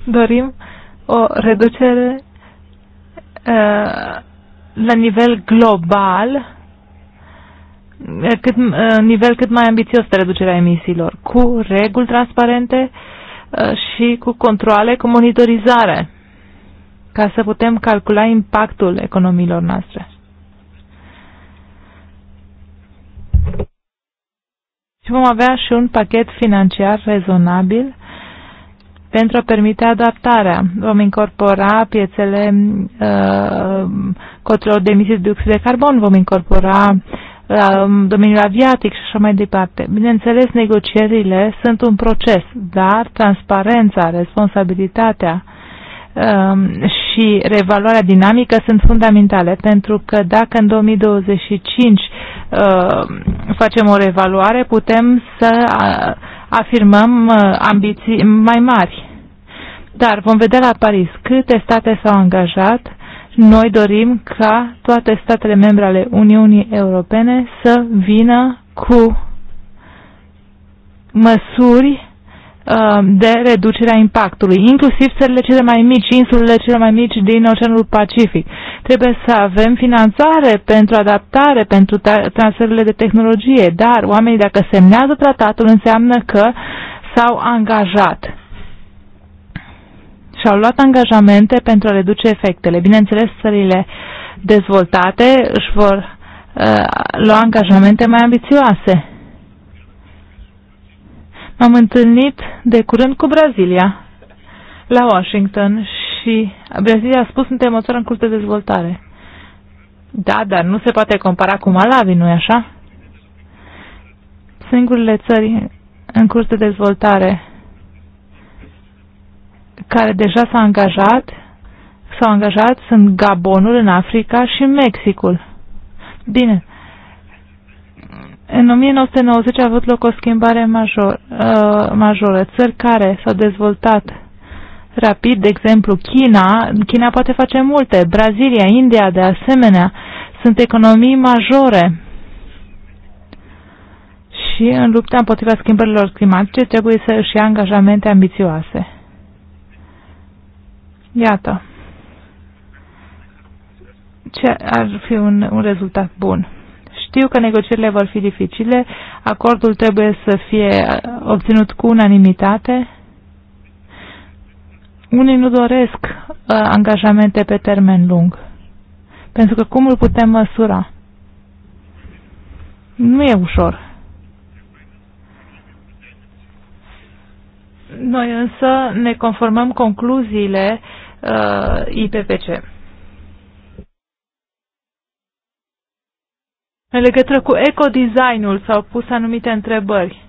dorim o reducere uh, la nivel global cât, uh, nivel cât mai ambițios de reducerea emisiilor, cu reguli transparente uh, și cu controle, cu monitorizare, ca să putem calcula impactul economiilor noastre. Și vom avea și un pachet financiar rezonabil pentru a permite adaptarea. Vom incorpora piețele uh, cotelor de emisii de dioxid de carbon, vom incorpora uh, domeniul aviatic și așa mai departe. Bineînțeles, negocierile sunt un proces, dar transparența, responsabilitatea uh, și revaluarea dinamică sunt fundamentale, pentru că dacă în 2025 uh, facem o revaluare, putem să uh, afirmăm uh, ambiții mai mari. Dar vom vedea la Paris câte state s-au angajat. Noi dorim ca toate statele membre ale Uniunii Europene să vină cu măsuri Uh, de reducerea impactului, inclusiv țările cele mai mici, insulele cele mai mici din Oceanul Pacific. Trebuie să avem finanțare pentru adaptare, pentru transferurile de tehnologie, dar oamenii dacă semnează tratatul înseamnă că s-au angajat și-au luat angajamente pentru a reduce efectele. Bineînțeles, țările dezvoltate își vor uh, lua angajamente mai ambițioase M-am întâlnit de curând cu Brazilia la Washington și Brazilia a spus suntem o țară în curs de dezvoltare. Da, dar nu se poate compara cu Malawi, nu-i așa? Singurele țări în curs de dezvoltare care deja s-au angajat, s-au angajat sunt Gabonul în Africa și Mexicul. Bine, în 1990 a avut loc o schimbare major, uh, majoră. Țări care s-au dezvoltat rapid, de exemplu China, China poate face multe, Brazilia, India de asemenea, sunt economii majore. Și în lupta împotriva schimbărilor climatice trebuie să își ia angajamente ambițioase. Iată. Ce ar fi un, un rezultat bun? Știu că negocierile vor fi dificile, acordul trebuie să fie obținut cu unanimitate. Unii nu doresc uh, angajamente pe termen lung, pentru că cum îl putem măsura? Nu e ușor. Noi însă ne conformăm concluziile uh, IPPC. În legătură cu ecodesignul s-au pus anumite întrebări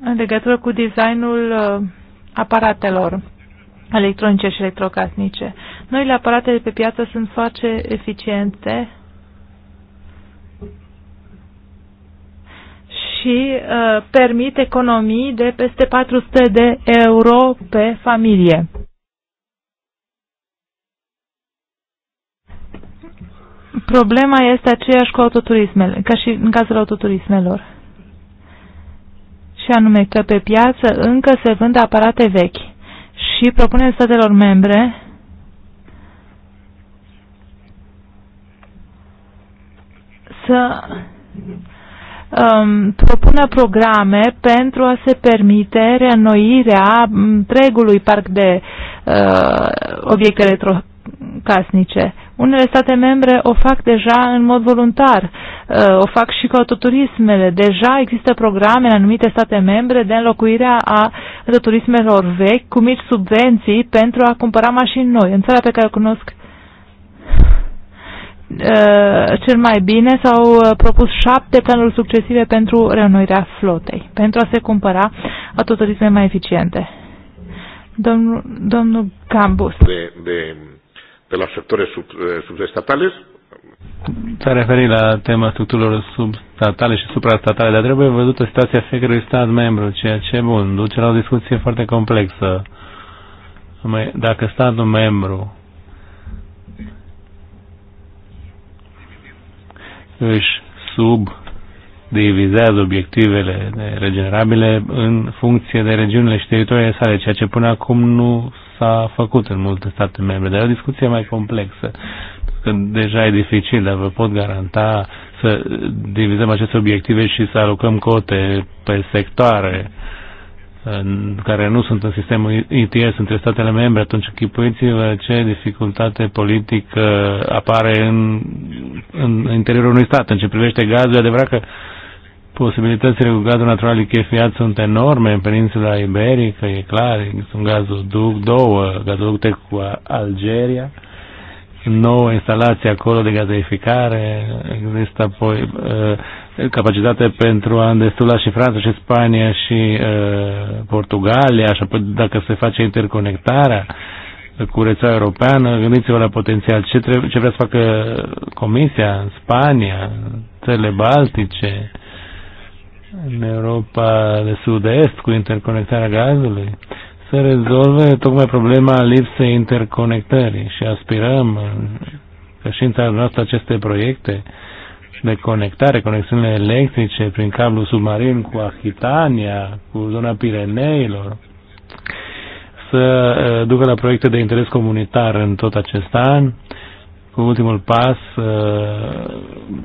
în legătură cu designul uh, aparatelor electronice și electrocasnice. Noile aparate de pe piață sunt foarte eficiente și uh, permit economii de peste 400 de euro pe familie. problema este aceeași cu autoturismele, ca și în cazul autoturismelor. Și anume că pe piață încă se vând aparate vechi și propunem statelor membre să um, propună programe pentru a se permite reînnoirea întregului parc de uh, obiecte electrocasnice. Unele state membre o fac deja în mod voluntar, uh, o fac și cu autoturismele. Deja există programe în anumite state membre de înlocuirea a autoturismelor vechi cu mici subvenții pentru a cumpăra mașini noi. În țara pe care o cunosc uh, cel mai bine s-au uh, propus șapte planuri succesive pentru reînnoirea flotei, pentru a se cumpăra autoturisme mai eficiente. Domnul, domnul Gambus. De, de de los sectores sub, eh, subestatales. S-a referit la tema structurilor substatale și suprastatale, dar trebuie văzută situația fiecărui stat membru, ceea ce, bun, duce la o discuție foarte complexă. Dacă statul membru își sub divizează obiectivele regenerabile în funcție de regiunile și teritoriile sale, ceea ce până acum nu s-a făcut în multe state membre, dar e o discuție mai complexă. Că deja e dificil, dar vă pot garanta să divizăm aceste obiective și să alocăm cote pe sectoare care nu sunt în sistemul ITS între statele membre, atunci chipuiți vă ce dificultate politică apare în, în interiorul unui stat. În ce privește gazul, e adevărat că uh, posibilitățile cu gazul natural lichefiat sunt enorme în peninsula iberică, e clar, sunt gazoduc, două gazoducte cu Algeria, nouă instalație acolo de gazificare. există apoi uh, capacitate pentru a îndestula și Franța și Spania și uh, Portugalia și apoi dacă se face interconectarea cu rețeaua europeană, gândiți-vă la potențial ce, trebuie, ce vrea să facă Comisia în Spania, țările Baltice, uh, în Europa de Sud-Est cu interconectarea gazului, să rezolve tocmai problema lipsei interconectării și aspirăm că și în țara noastră aceste proiecte de conectare, conexiunile electrice prin cablu submarin cu Achitania, cu zona Pireneilor, să eh, ducă la proiecte de interes comunitar în tot acest an, cu ultimul pas eh,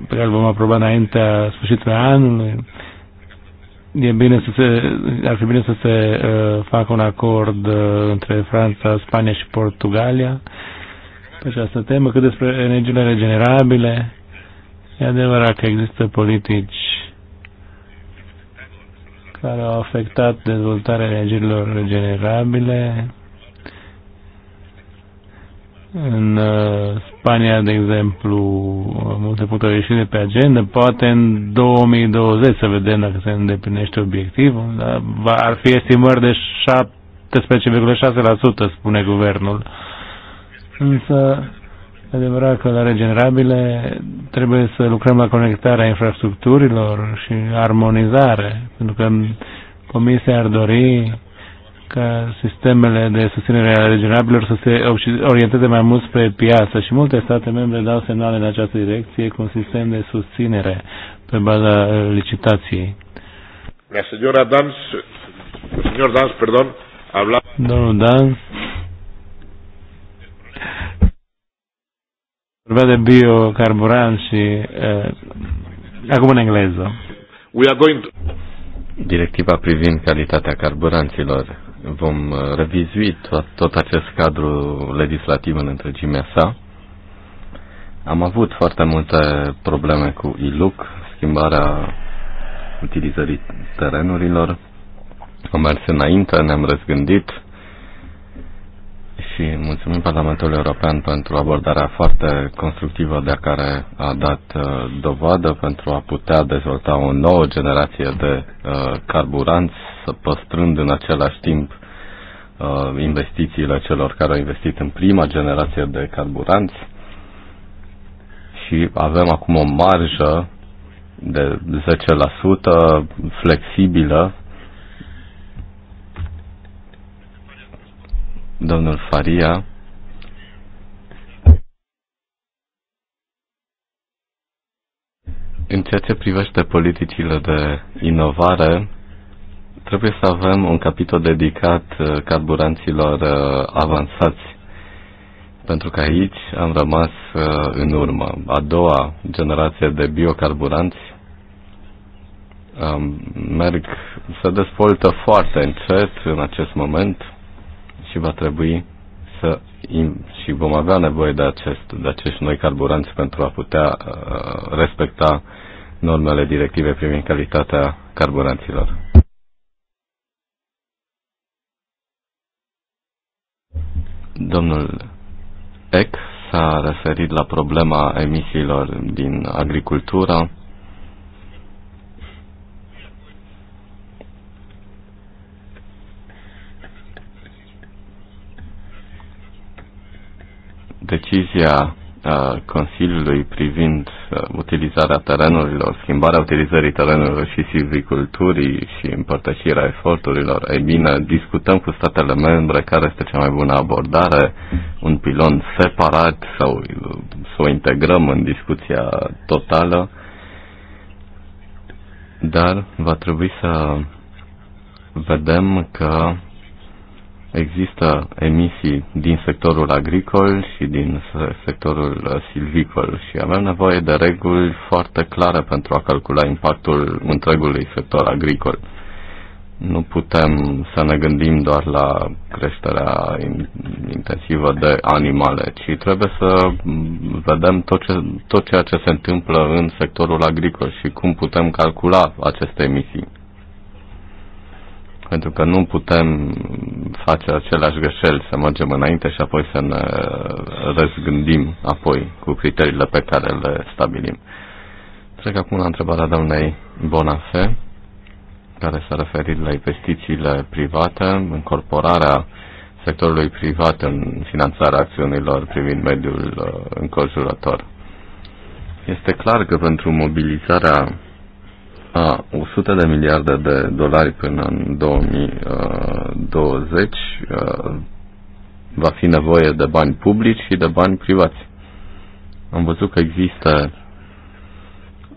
pe care îl vom aproba înaintea sfârșitului anului, e bine să se, ar fi bine să se uh, facă un acord uh, între Franța, Spania și Portugalia pe această temă, cât despre energiile regenerabile. E adevărat că există politici care au afectat dezvoltarea energiilor regenerabile, în uh, Spania, de exemplu, multe puncte au ieșit de pe agenda, poate în 2020 să vedem dacă se îndeplinește obiectivul, dar ar fi estimări de 17,6%, spune guvernul. Însă, adevărat că la regenerabile trebuie să lucrăm la conectarea infrastructurilor și armonizare, pentru că Comisia ar dori ca sistemele de susținere a regenerabilor să se orienteze mai mult spre piață și multe state membre dau semnale în această direcție cu un sistem de susținere pe baza uh, licitației. La señora Dans, señor Dans, perdón, habla... Domnul Dans vorbea de biocarburant și uh, acum în engleză. We are going to... Directiva privind calitatea carburanților vom uh, revizui tot, tot acest cadru legislativ în întregimea sa. Am avut foarte multe probleme cu ILUC, schimbarea utilizării terenurilor. Am mers înainte, ne-am răzgândit și mulțumim Parlamentului European pentru abordarea foarte constructivă de care a dat uh, dovadă pentru a putea dezvolta o nouă generație de uh, carburanți să păstrând în același timp uh, investițiile celor care au investit în prima generație de carburanți și avem acum o marjă de 10% flexibilă. Domnul Faria. În ceea ce privește politicile de inovare, Trebuie să avem un capitol dedicat uh, carburanților uh, avansați, pentru că aici am rămas uh, în urmă. A doua generație de biocarburanți um, merg, se dezvoltă foarte încet în acest moment și va trebui să și vom avea nevoie de, acest, de acești noi carburanți pentru a putea respecta normele directive privind calitatea carburanților. Domnul Eck s-a referit la problema emisiilor din agricultură. Decizia Uh, Consiliului privind uh, utilizarea terenurilor, schimbarea utilizării terenurilor și silviculturii și împărtășirea eforturilor, ei bine, discutăm cu statele membre care este cea mai bună abordare, un pilon separat sau să o integrăm în discuția totală, dar va trebui să vedem că există emisii din sectorul agricol și din sectorul uh, silvicol și avem nevoie de reguli foarte clare pentru a calcula impactul întregului sector agricol. Nu putem să ne gândim doar la creșterea intensivă de animale, ci trebuie să vedem tot, ce, tot ceea ce se întâmplă în sectorul agricol și cum putem calcula aceste emisii pentru că nu putem face aceleași greșeli să mergem înainte și apoi să ne răzgândim apoi cu criteriile pe care le stabilim. Trec acum la întrebarea doamnei Bonafe, care s-a referit la investițiile private, incorporarea sectorului privat în finanțarea acțiunilor privind mediul uh, înconjurător. Este clar că pentru mobilizarea a 100 de miliarde de dolari până în 2020 uh, uh, va fi nevoie de bani publici și de bani privați. Am văzut că există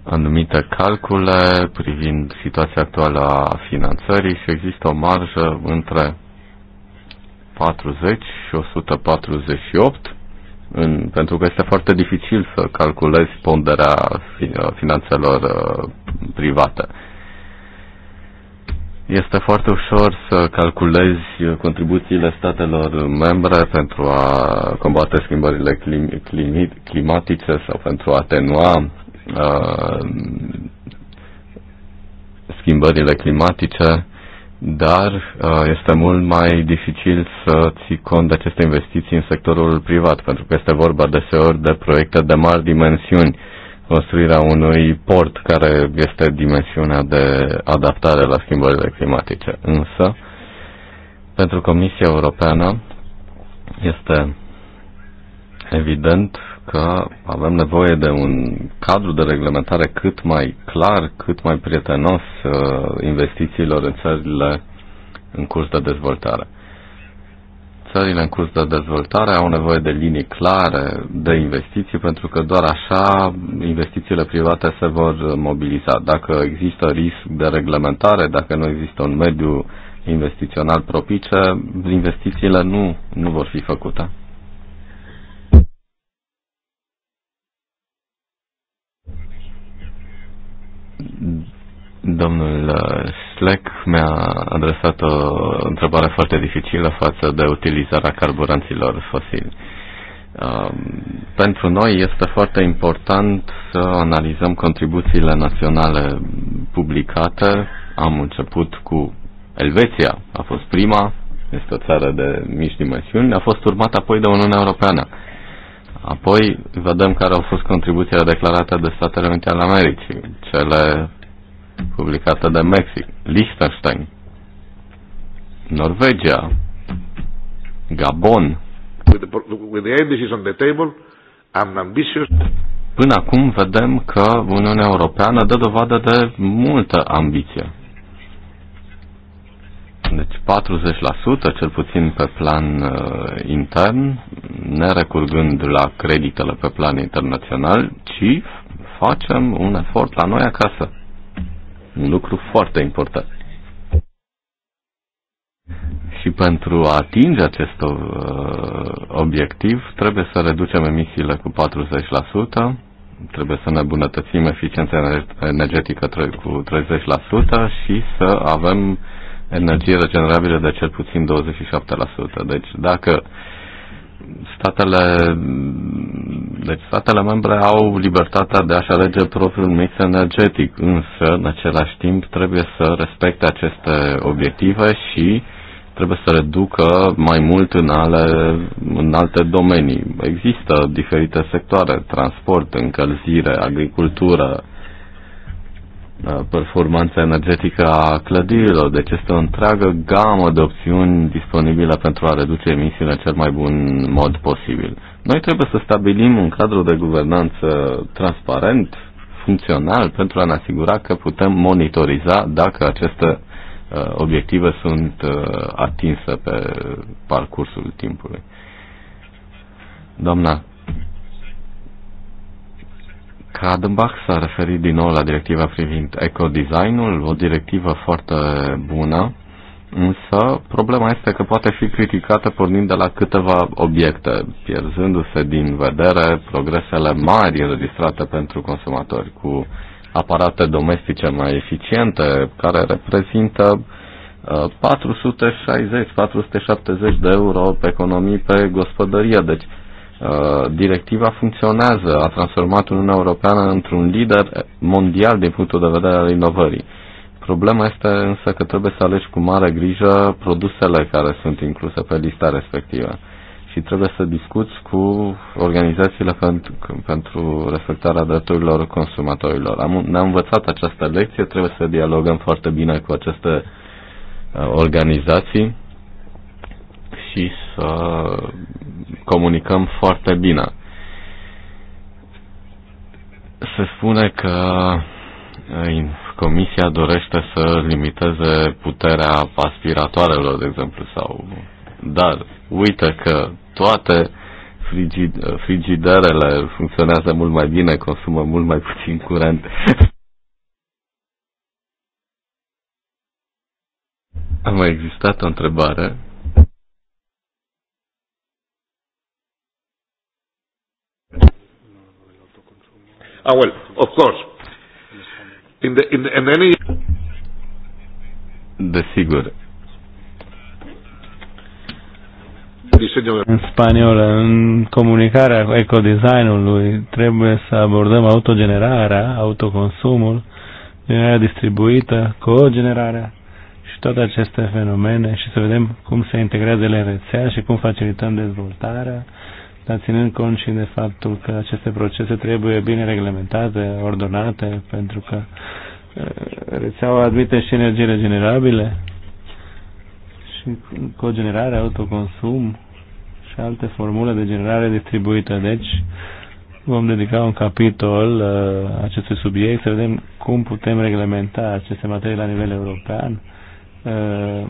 anumite calcule privind situația actuală a finanțării și există o marjă între 40 și 148 în, pentru că este foarte dificil să calculezi ponderea uh, finanțelor uh, private. Este foarte ușor să calculezi contribuțiile statelor membre pentru a combate schimbările clim, clim, climatice sau pentru a atenua uh, schimbările climatice dar uh, este mult mai dificil să ții cont de aceste investiții în sectorul privat, pentru că este vorba deseori de proiecte de mari dimensiuni, construirea unui port care este dimensiunea de adaptare la schimbările climatice. Însă, pentru Comisia Europeană este evident că avem nevoie de un cadru de reglementare cât mai clar, cât mai prietenos uh, investițiilor în țările în curs de dezvoltare. Țările în curs de dezvoltare au nevoie de linii clare de investiții pentru că doar așa investițiile private se vor mobiliza. Dacă există risc de reglementare, dacă nu există un mediu investițional propice, investițiile nu, nu vor fi făcute. Domnul uh, Slec mi-a adresat o întrebare foarte dificilă față de utilizarea carburanților fosili. Um, pentru noi este foarte important să analizăm contribuțiile naționale publicate. Am început cu Elveția, a fost prima, este o țară de mici dimensiuni, a fost urmată apoi de Uniunea Europeană. Apoi vedem care au fost contribuțiile declarate de Statele Unite ale Americii, cele publicată de Mexic, Liechtenstein, Norvegia, Gabon. With the, with the on the table, I'm ambitious. Până acum vedem că Uniunea Europeană dă dovadă de multă ambiție. Deci 40% cel puțin pe plan uh, intern, ne recurgând la creditele pe plan internațional, ci facem un efort la noi acasă un lucru foarte important. Și pentru a atinge acest uh, obiectiv trebuie să reducem emisiile cu 40%, trebuie să ne bunătățim eficiența energetică cu 30% și să avem energie regenerabilă de cel puțin 27%. Deci dacă statele deci statele membre au libertatea de a-și alege propriul mix energetic, însă, în același timp, trebuie să respecte aceste obiective și trebuie să reducă mai mult în, ale, în alte domenii. Există diferite sectoare, transport, încălzire, agricultură, uh, performanța energetică a clădirilor, deci este o întreagă gamă de opțiuni disponibile pentru a reduce emisiile în cel mai bun mod posibil. Noi trebuie să stabilim un cadru de guvernanță transparent, funcțional, pentru a ne asigura că putem monitoriza dacă aceste uh, obiective sunt uh, atinse pe parcursul timpului. Doamna Kadenbach s-a referit din nou la directiva privind eco-designul, o directivă foarte bună Însă, problema este că poate fi criticată pornind de la câteva obiecte, pierzându-se din vedere progresele mari înregistrate pentru consumatori, cu aparate domestice mai eficiente, care reprezintă 460-470 uh, de euro pe economii pe gospodărie. Deci, uh, directiva funcționează, a transformat Uniunea Europeană într-un lider mondial din punctul de vedere al inovării Problema este însă că trebuie să alegi cu mare grijă produsele care sunt incluse pe lista respectivă și trebuie să discuți cu organizațiile pentru, pentru respectarea drepturilor consumatorilor. Am, ne-am învățat această lecție, trebuie să dialogăm foarte bine cu aceste uh, organizații și să comunicăm foarte bine. Se spune că uh, Comisia dorește să limiteze puterea aspiratoarelor, de exemplu, sau... Dar uite că toate frigid- frigiderele funcționează mult mai bine, consumă mult mai puțin curent. A mai existat o întrebare Ah, well, of course. In the, in, in any... Desigur. În spaniolă, în comunicarea ecodesignului, trebuie să abordăm autogenerarea, autoconsumul, generarea distribuită, cogenerarea și toate aceste fenomene și să vedem cum se integrează ele în rețea și cum facilităm dezvoltarea dar ținând cont și de faptul că aceste procese trebuie bine reglementate, ordonate, pentru că uh, rețeaua admite și energie regenerabile și cogenerare, autoconsum și alte formule de generare distribuită. Deci vom dedica un capitol uh, acestui subiect să vedem cum putem reglementa aceste materii la nivel european Uh,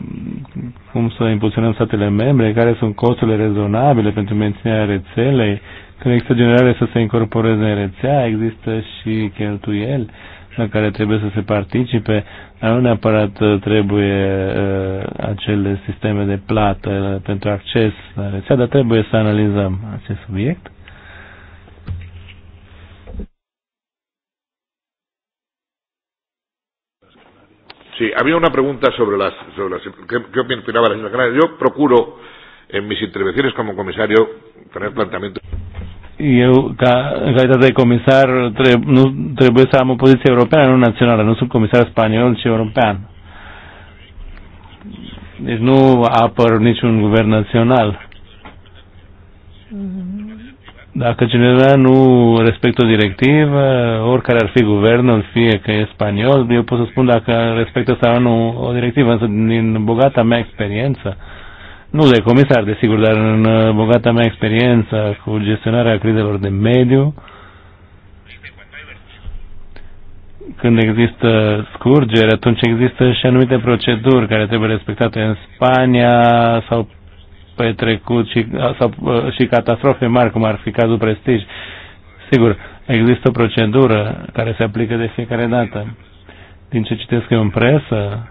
cum să impulsionăm statele membre, care sunt costurile rezonabile pentru menținerea rețelei, când există generare să se incorporeze în rețea, există și cheltuieli la care trebuie să se participe, dar nu neapărat uh, trebuie uh, acele sisteme de plată pentru acces la rețea, dar trebuie să analizăm acest subiect. Sí, había una pregunta sobre las. Sobre las ¿Qué, qué opinaba la señora Canales? Yo procuro en mis intervenciones como comisario tener planteamientos. Eu, ca în calitate de comisar, treb, nu, trebuie să am o poziție europeană, nu națională. Nu sunt comisar spaniol, ci european. Deci nu apăr niciun guvern național. Mm -hmm dacă cineva nu respectă o directivă, oricare ar fi guvernul, fie că e spaniol, eu pot să spun dacă respectă sau nu o directivă, însă din bogata mea experiență, nu de comisar, desigur, dar în uh, bogata mea experiență cu gestionarea crizelor de mediu, când există scurgeri, atunci există și anumite proceduri care trebuie respectate în Spania sau petrecut și, sau, uh, și catastrofe mari, cum ar fi cazul prestij. Sigur, există o procedură care se aplică de fiecare dată. Din ce citesc eu în presă,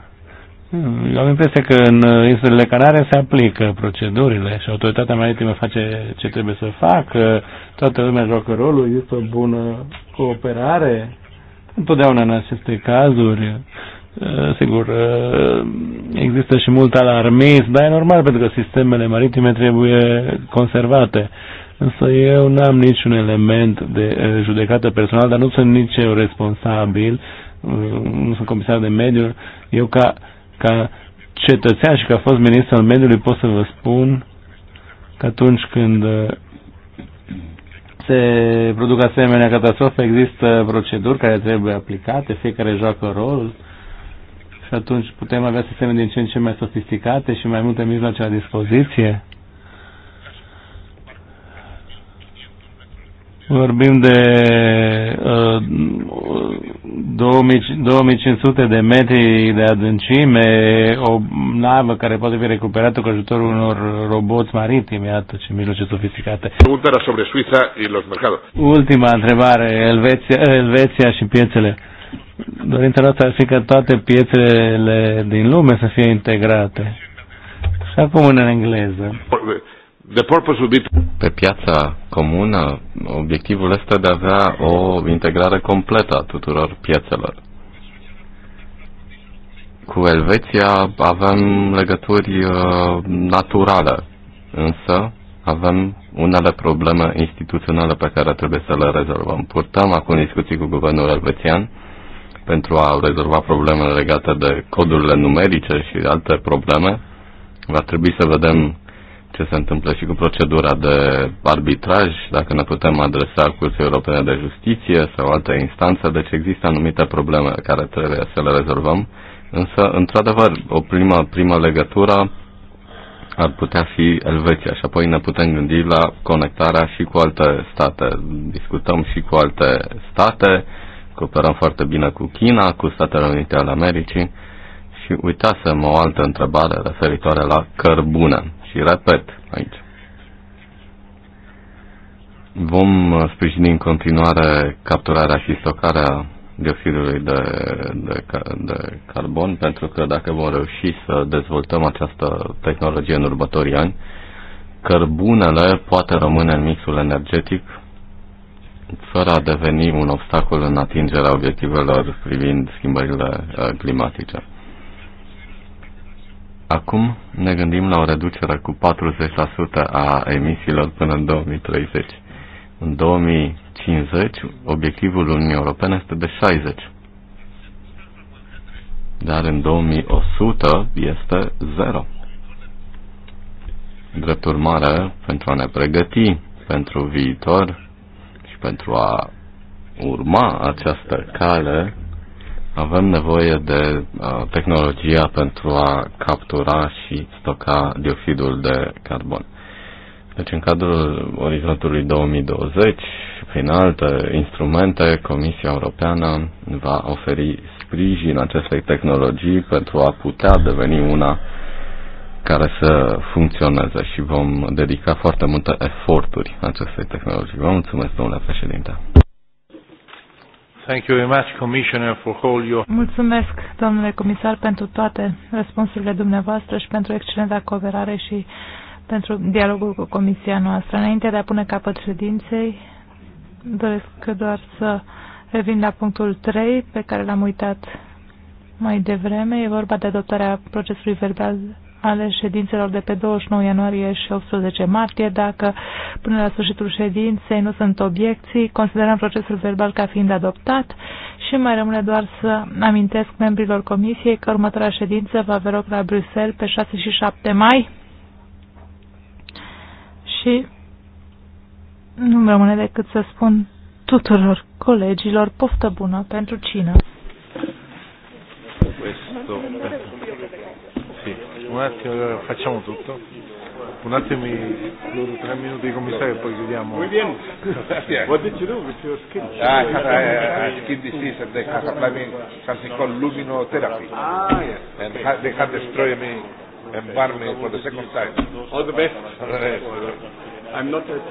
eu am impresia că în insulele Canare se aplică procedurile și autoritatea maritimă face ce trebuie să facă, toată lumea joacă rolul, există o bună cooperare întotdeauna în aceste cazuri Eh, sigur, eh, există și mult alarmism, dar e normal pentru că sistemele maritime trebuie conservate. Însă eu n-am niciun element de eh, judecată personală, dar nu sunt nici eu responsabil, mm, nu sunt comisar de mediu. Eu ca, ca cetățean și ca fost ministru al mediului pot să vă spun că atunci când se produc asemenea catastrofe, există proceduri care trebuie aplicate, fiecare joacă rolul și atunci putem avea sisteme din ce în ce mai sofisticate și mai multe mijloace la dispoziție. Vorbim de uh, 2500 de metri de adâncime, o navă care poate fi recuperată cu ajutorul unor roboți maritimi, iată ce mijloace sofisticate. Ultima întrebare, Elveția, Elveția și piețele. Dorința noastră ar fi ca toate piețele din lume să fie integrate. Și acum în engleză. The purpose would be to... Pe piața comună, obiectivul este de a avea o integrare completă a tuturor piețelor. Cu Elveția avem legături uh, naturale, însă avem unele probleme instituționale pe care trebuie să le rezolvăm. Purtăm acum discuții cu guvernul elvețian pentru a rezolva problemele legate de codurile numerice și alte probleme. Va trebui să vedem ce se întâmplă și cu procedura de arbitraj, dacă ne putem adresa Curții Europene de Justiție sau alte instanțe, deci există anumite probleme care trebuie să le rezolvăm, însă, într-adevăr, o prima, prima legătură ar putea fi Elveția și apoi ne putem gândi la conectarea și cu alte state. Discutăm și cu alte state, cooperam foarte bine cu China, cu Statele Unite ale Americii și uitasem o altă întrebare referitoare la cărbune. Și repet aici. Vom sprijini în continuare capturarea și stocarea dioxidului de, de, de carbon, pentru că dacă vom reuși să dezvoltăm această tehnologie în următorii ani, cărbunele poate rămâne în mixul energetic fără a deveni un obstacol în atingerea obiectivelor privind schimbările uh, climatice. Acum ne gândim la o reducere cu 40% a emisiilor până în 2030. În 2050, obiectivul Uniunii Europene este de 60. Dar în 2100 este 0. Drept urmare, pentru a ne pregăti pentru viitor, și pentru a urma această cale, avem nevoie de uh, tehnologia pentru a captura și stoca dioxidul de carbon. Deci, în cadrul orizontului 2020, prin alte instrumente, Comisia Europeană va oferi sprijin acestei tehnologii pentru a putea deveni una uh, care să funcționeze și vom dedica foarte multe eforturi acestei tehnologii. Vă mulțumesc, domnule președinte. Thank you very much, Commissioner, for all your... Mulțumesc, domnule comisar, pentru toate răspunsurile dumneavoastră și pentru excelenta cooperare și pentru dialogul cu comisia noastră. Înainte de a pune capăt ședinței, doresc doar să revin la punctul 3 pe care l-am uitat mai devreme. E vorba de adoptarea procesului verbal ale ședințelor de pe 29 ianuarie și 18 martie. Dacă până la sfârșitul ședinței nu sunt obiecții, considerăm procesul verbal ca fiind adoptat și mai rămâne doar să amintesc membrilor comisiei că următoarea ședință va avea loc la Bruxelles pe 6 și 7 mai și nu îmi rămâne decât să spun tuturor colegilor poftă bună pentru cină. Questo Buonasera, allora facciamo tutto. Un attimo, loro tre minuti di commissario e poi chiudiamo. Muy bien. What did you do with your skin? Ah, uh, skin disease and they have applied something called luminotherapy. Ah, yes. And they have destroyed me and burned me for the second time. All the best. I'm not a